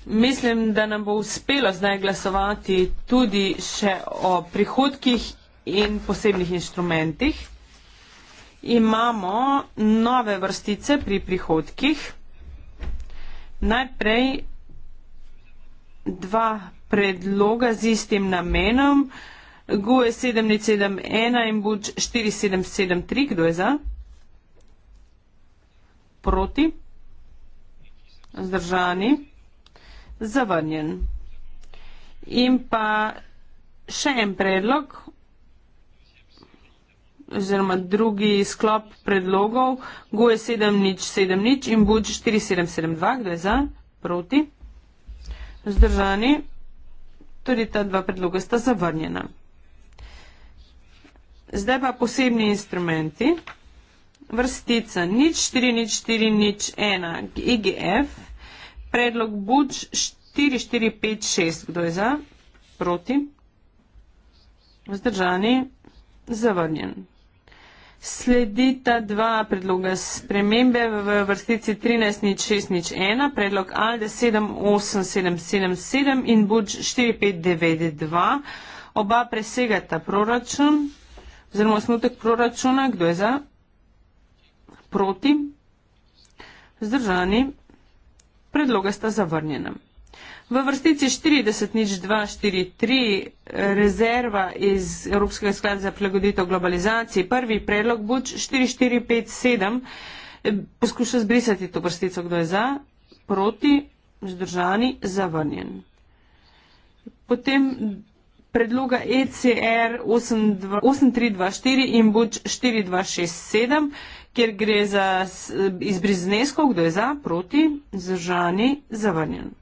mislim, da nam bo uspelo zdaj glasovati tudi še o prihodkih in posebnih inštrumentih. Imamo nove vrstice pri prihodkih. Najprej dva predloga z istim namenom. GUE 771 in BUČ 4773, kdo je za? Proti? Zdržani? Zavrnjen. In pa še en predlog, oziroma drugi sklop predlogov, GUE 770 in BUČ 4772, kdo je za? Proti? Zdržani? Zdržani? Tudi torej, ta dva predloga sta zavrnjena. Zdaj pa posebni instrumenti. Vrstica nič 4, nič 4, nič 1, IGF. E Predlog buč 4, 4, 5, 6. Kdo je za? Proti? Vzdržani? Zavrnjen. Sledita dva predloga spremembe v vrstici 13.6.1, predlog ALDE 78777 in BUČ 4592. Oba presegata proračun, oziroma osnutek proračuna. Kdo je za? Proti? Zdržani? Predloga sta zavrnjena. V vrstici 40 nič 243 rezerva iz Evropskega sklada za prilagoditev globalizaciji, prvi predlog buč 4457, poskuša zbrisati to vrstico, kdo je za, proti, zdržani, zavrnjen. Potem predloga ECR 8324 in buč 4267, kjer gre za izbriz zneskov, kdo je za, proti, zdržani, zavrnjen.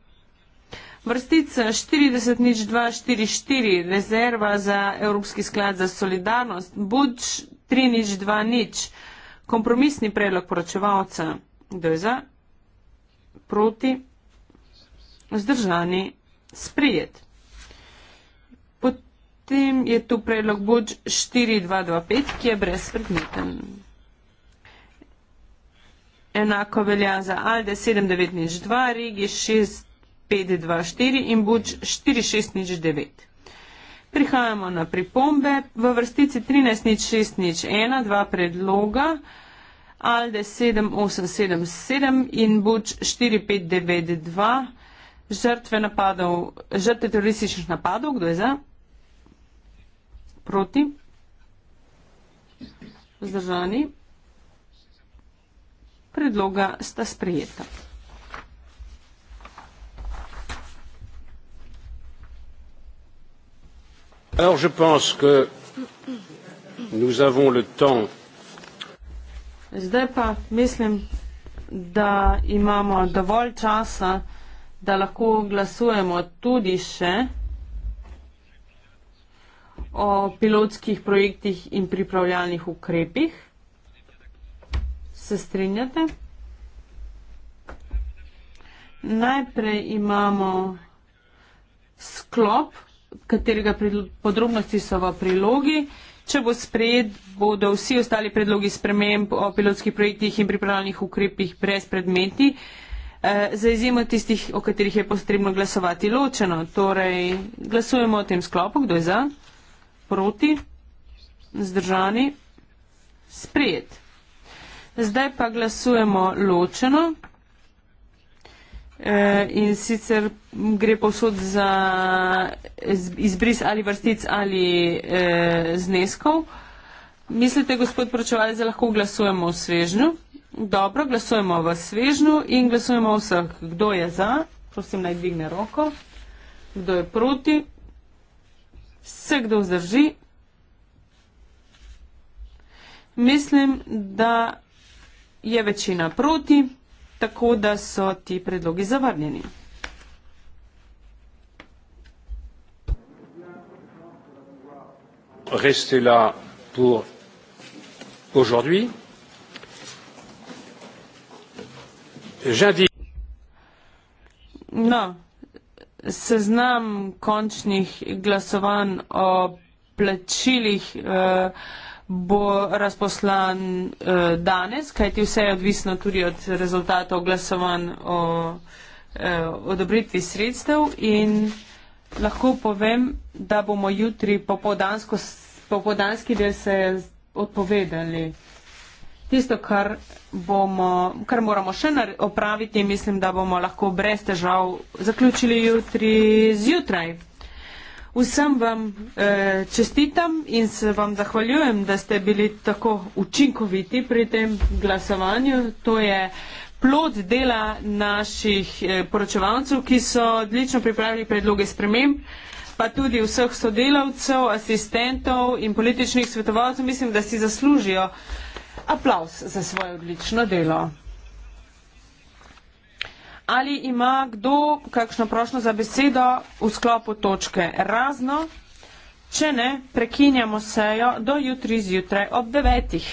Vrstica 40 nič 244, rezerva za Evropski sklad za solidarnost, Budž 3 nič 2 nič, kompromisni predlog poročevalca, kdo je za, proti, vzdržani, sprijet. Potem je tu predlog Budž 4225, ki je brezpredmeten. Enako velja za Alde 7902, Rigi 6. 524 in buč 4609. Prihajamo na pripombe. V vrstici 13601 dva predloga. Alde 7877 in buč 4592. Žrtve napadov, žrtve terorističnih napadov. Kdo je za? Proti? Vzdržani? Predloga sta sprejeta. je pense que nous avons le temps Zdaj pa mislim, da imamo dovolj časa, da lahko glasujemo tudi še o pilotskih projektih in pripravljalnih ukrepih. Se strinjate? Najprej imamo sklop katerega podrobnosti so v prilogi. Če bo sprejet, bodo vsi ostali predlogi sprememb o pilotskih projektih in pripravljenih ukrepih brez predmeti, eh, za izjemo tistih, o katerih je potrebno glasovati ločeno. Torej, glasujemo o tem sklopu, kdo je za, proti, zdržani, sprejet. Zdaj pa glasujemo ločeno. Eh, in sicer gre povsod za izbris ali vrstic ali eh, zneskov. Mislite, gospod poročevalec, da lahko glasujemo v svežnju? Dobro, glasujemo v svežnju in glasujemo vseh. Kdo je za? Prosim, naj dvigne roko. Kdo je proti? Vse, kdo vzdrži? Mislim, da je večina proti tako da so ti predlogi zavrnjeni. Restez là pour aujourd'hui. J'indique. Non, ce znam končnih glasovanj o plačilih. Euh, bo razposlan uh, danes, kajti vse je odvisno tudi od rezultatov glasovanj o uh, odobritvi sredstev in lahko povem, da bomo jutri popodanski del se odpovedali. Tisto, kar, bomo, kar moramo še opraviti, mislim, da bomo lahko brez težav zaključili jutri zjutraj. Vsem vam eh, čestitam in se vam zahvaljujem, da ste bili tako učinkoviti pri tem glasovanju. To je plod dela naših eh, poročevalcev, ki so odlično pripravili predloge sprememb, pa tudi vseh sodelavcev, asistentov in političnih svetovalcev. Mislim, da si zaslužijo aplaus za svoje odlično delo. Ali ima kdo kakšno prošlo za besedo v sklopu točke razno? Če ne, prekinjamo sejo do jutri zjutraj ob devetih.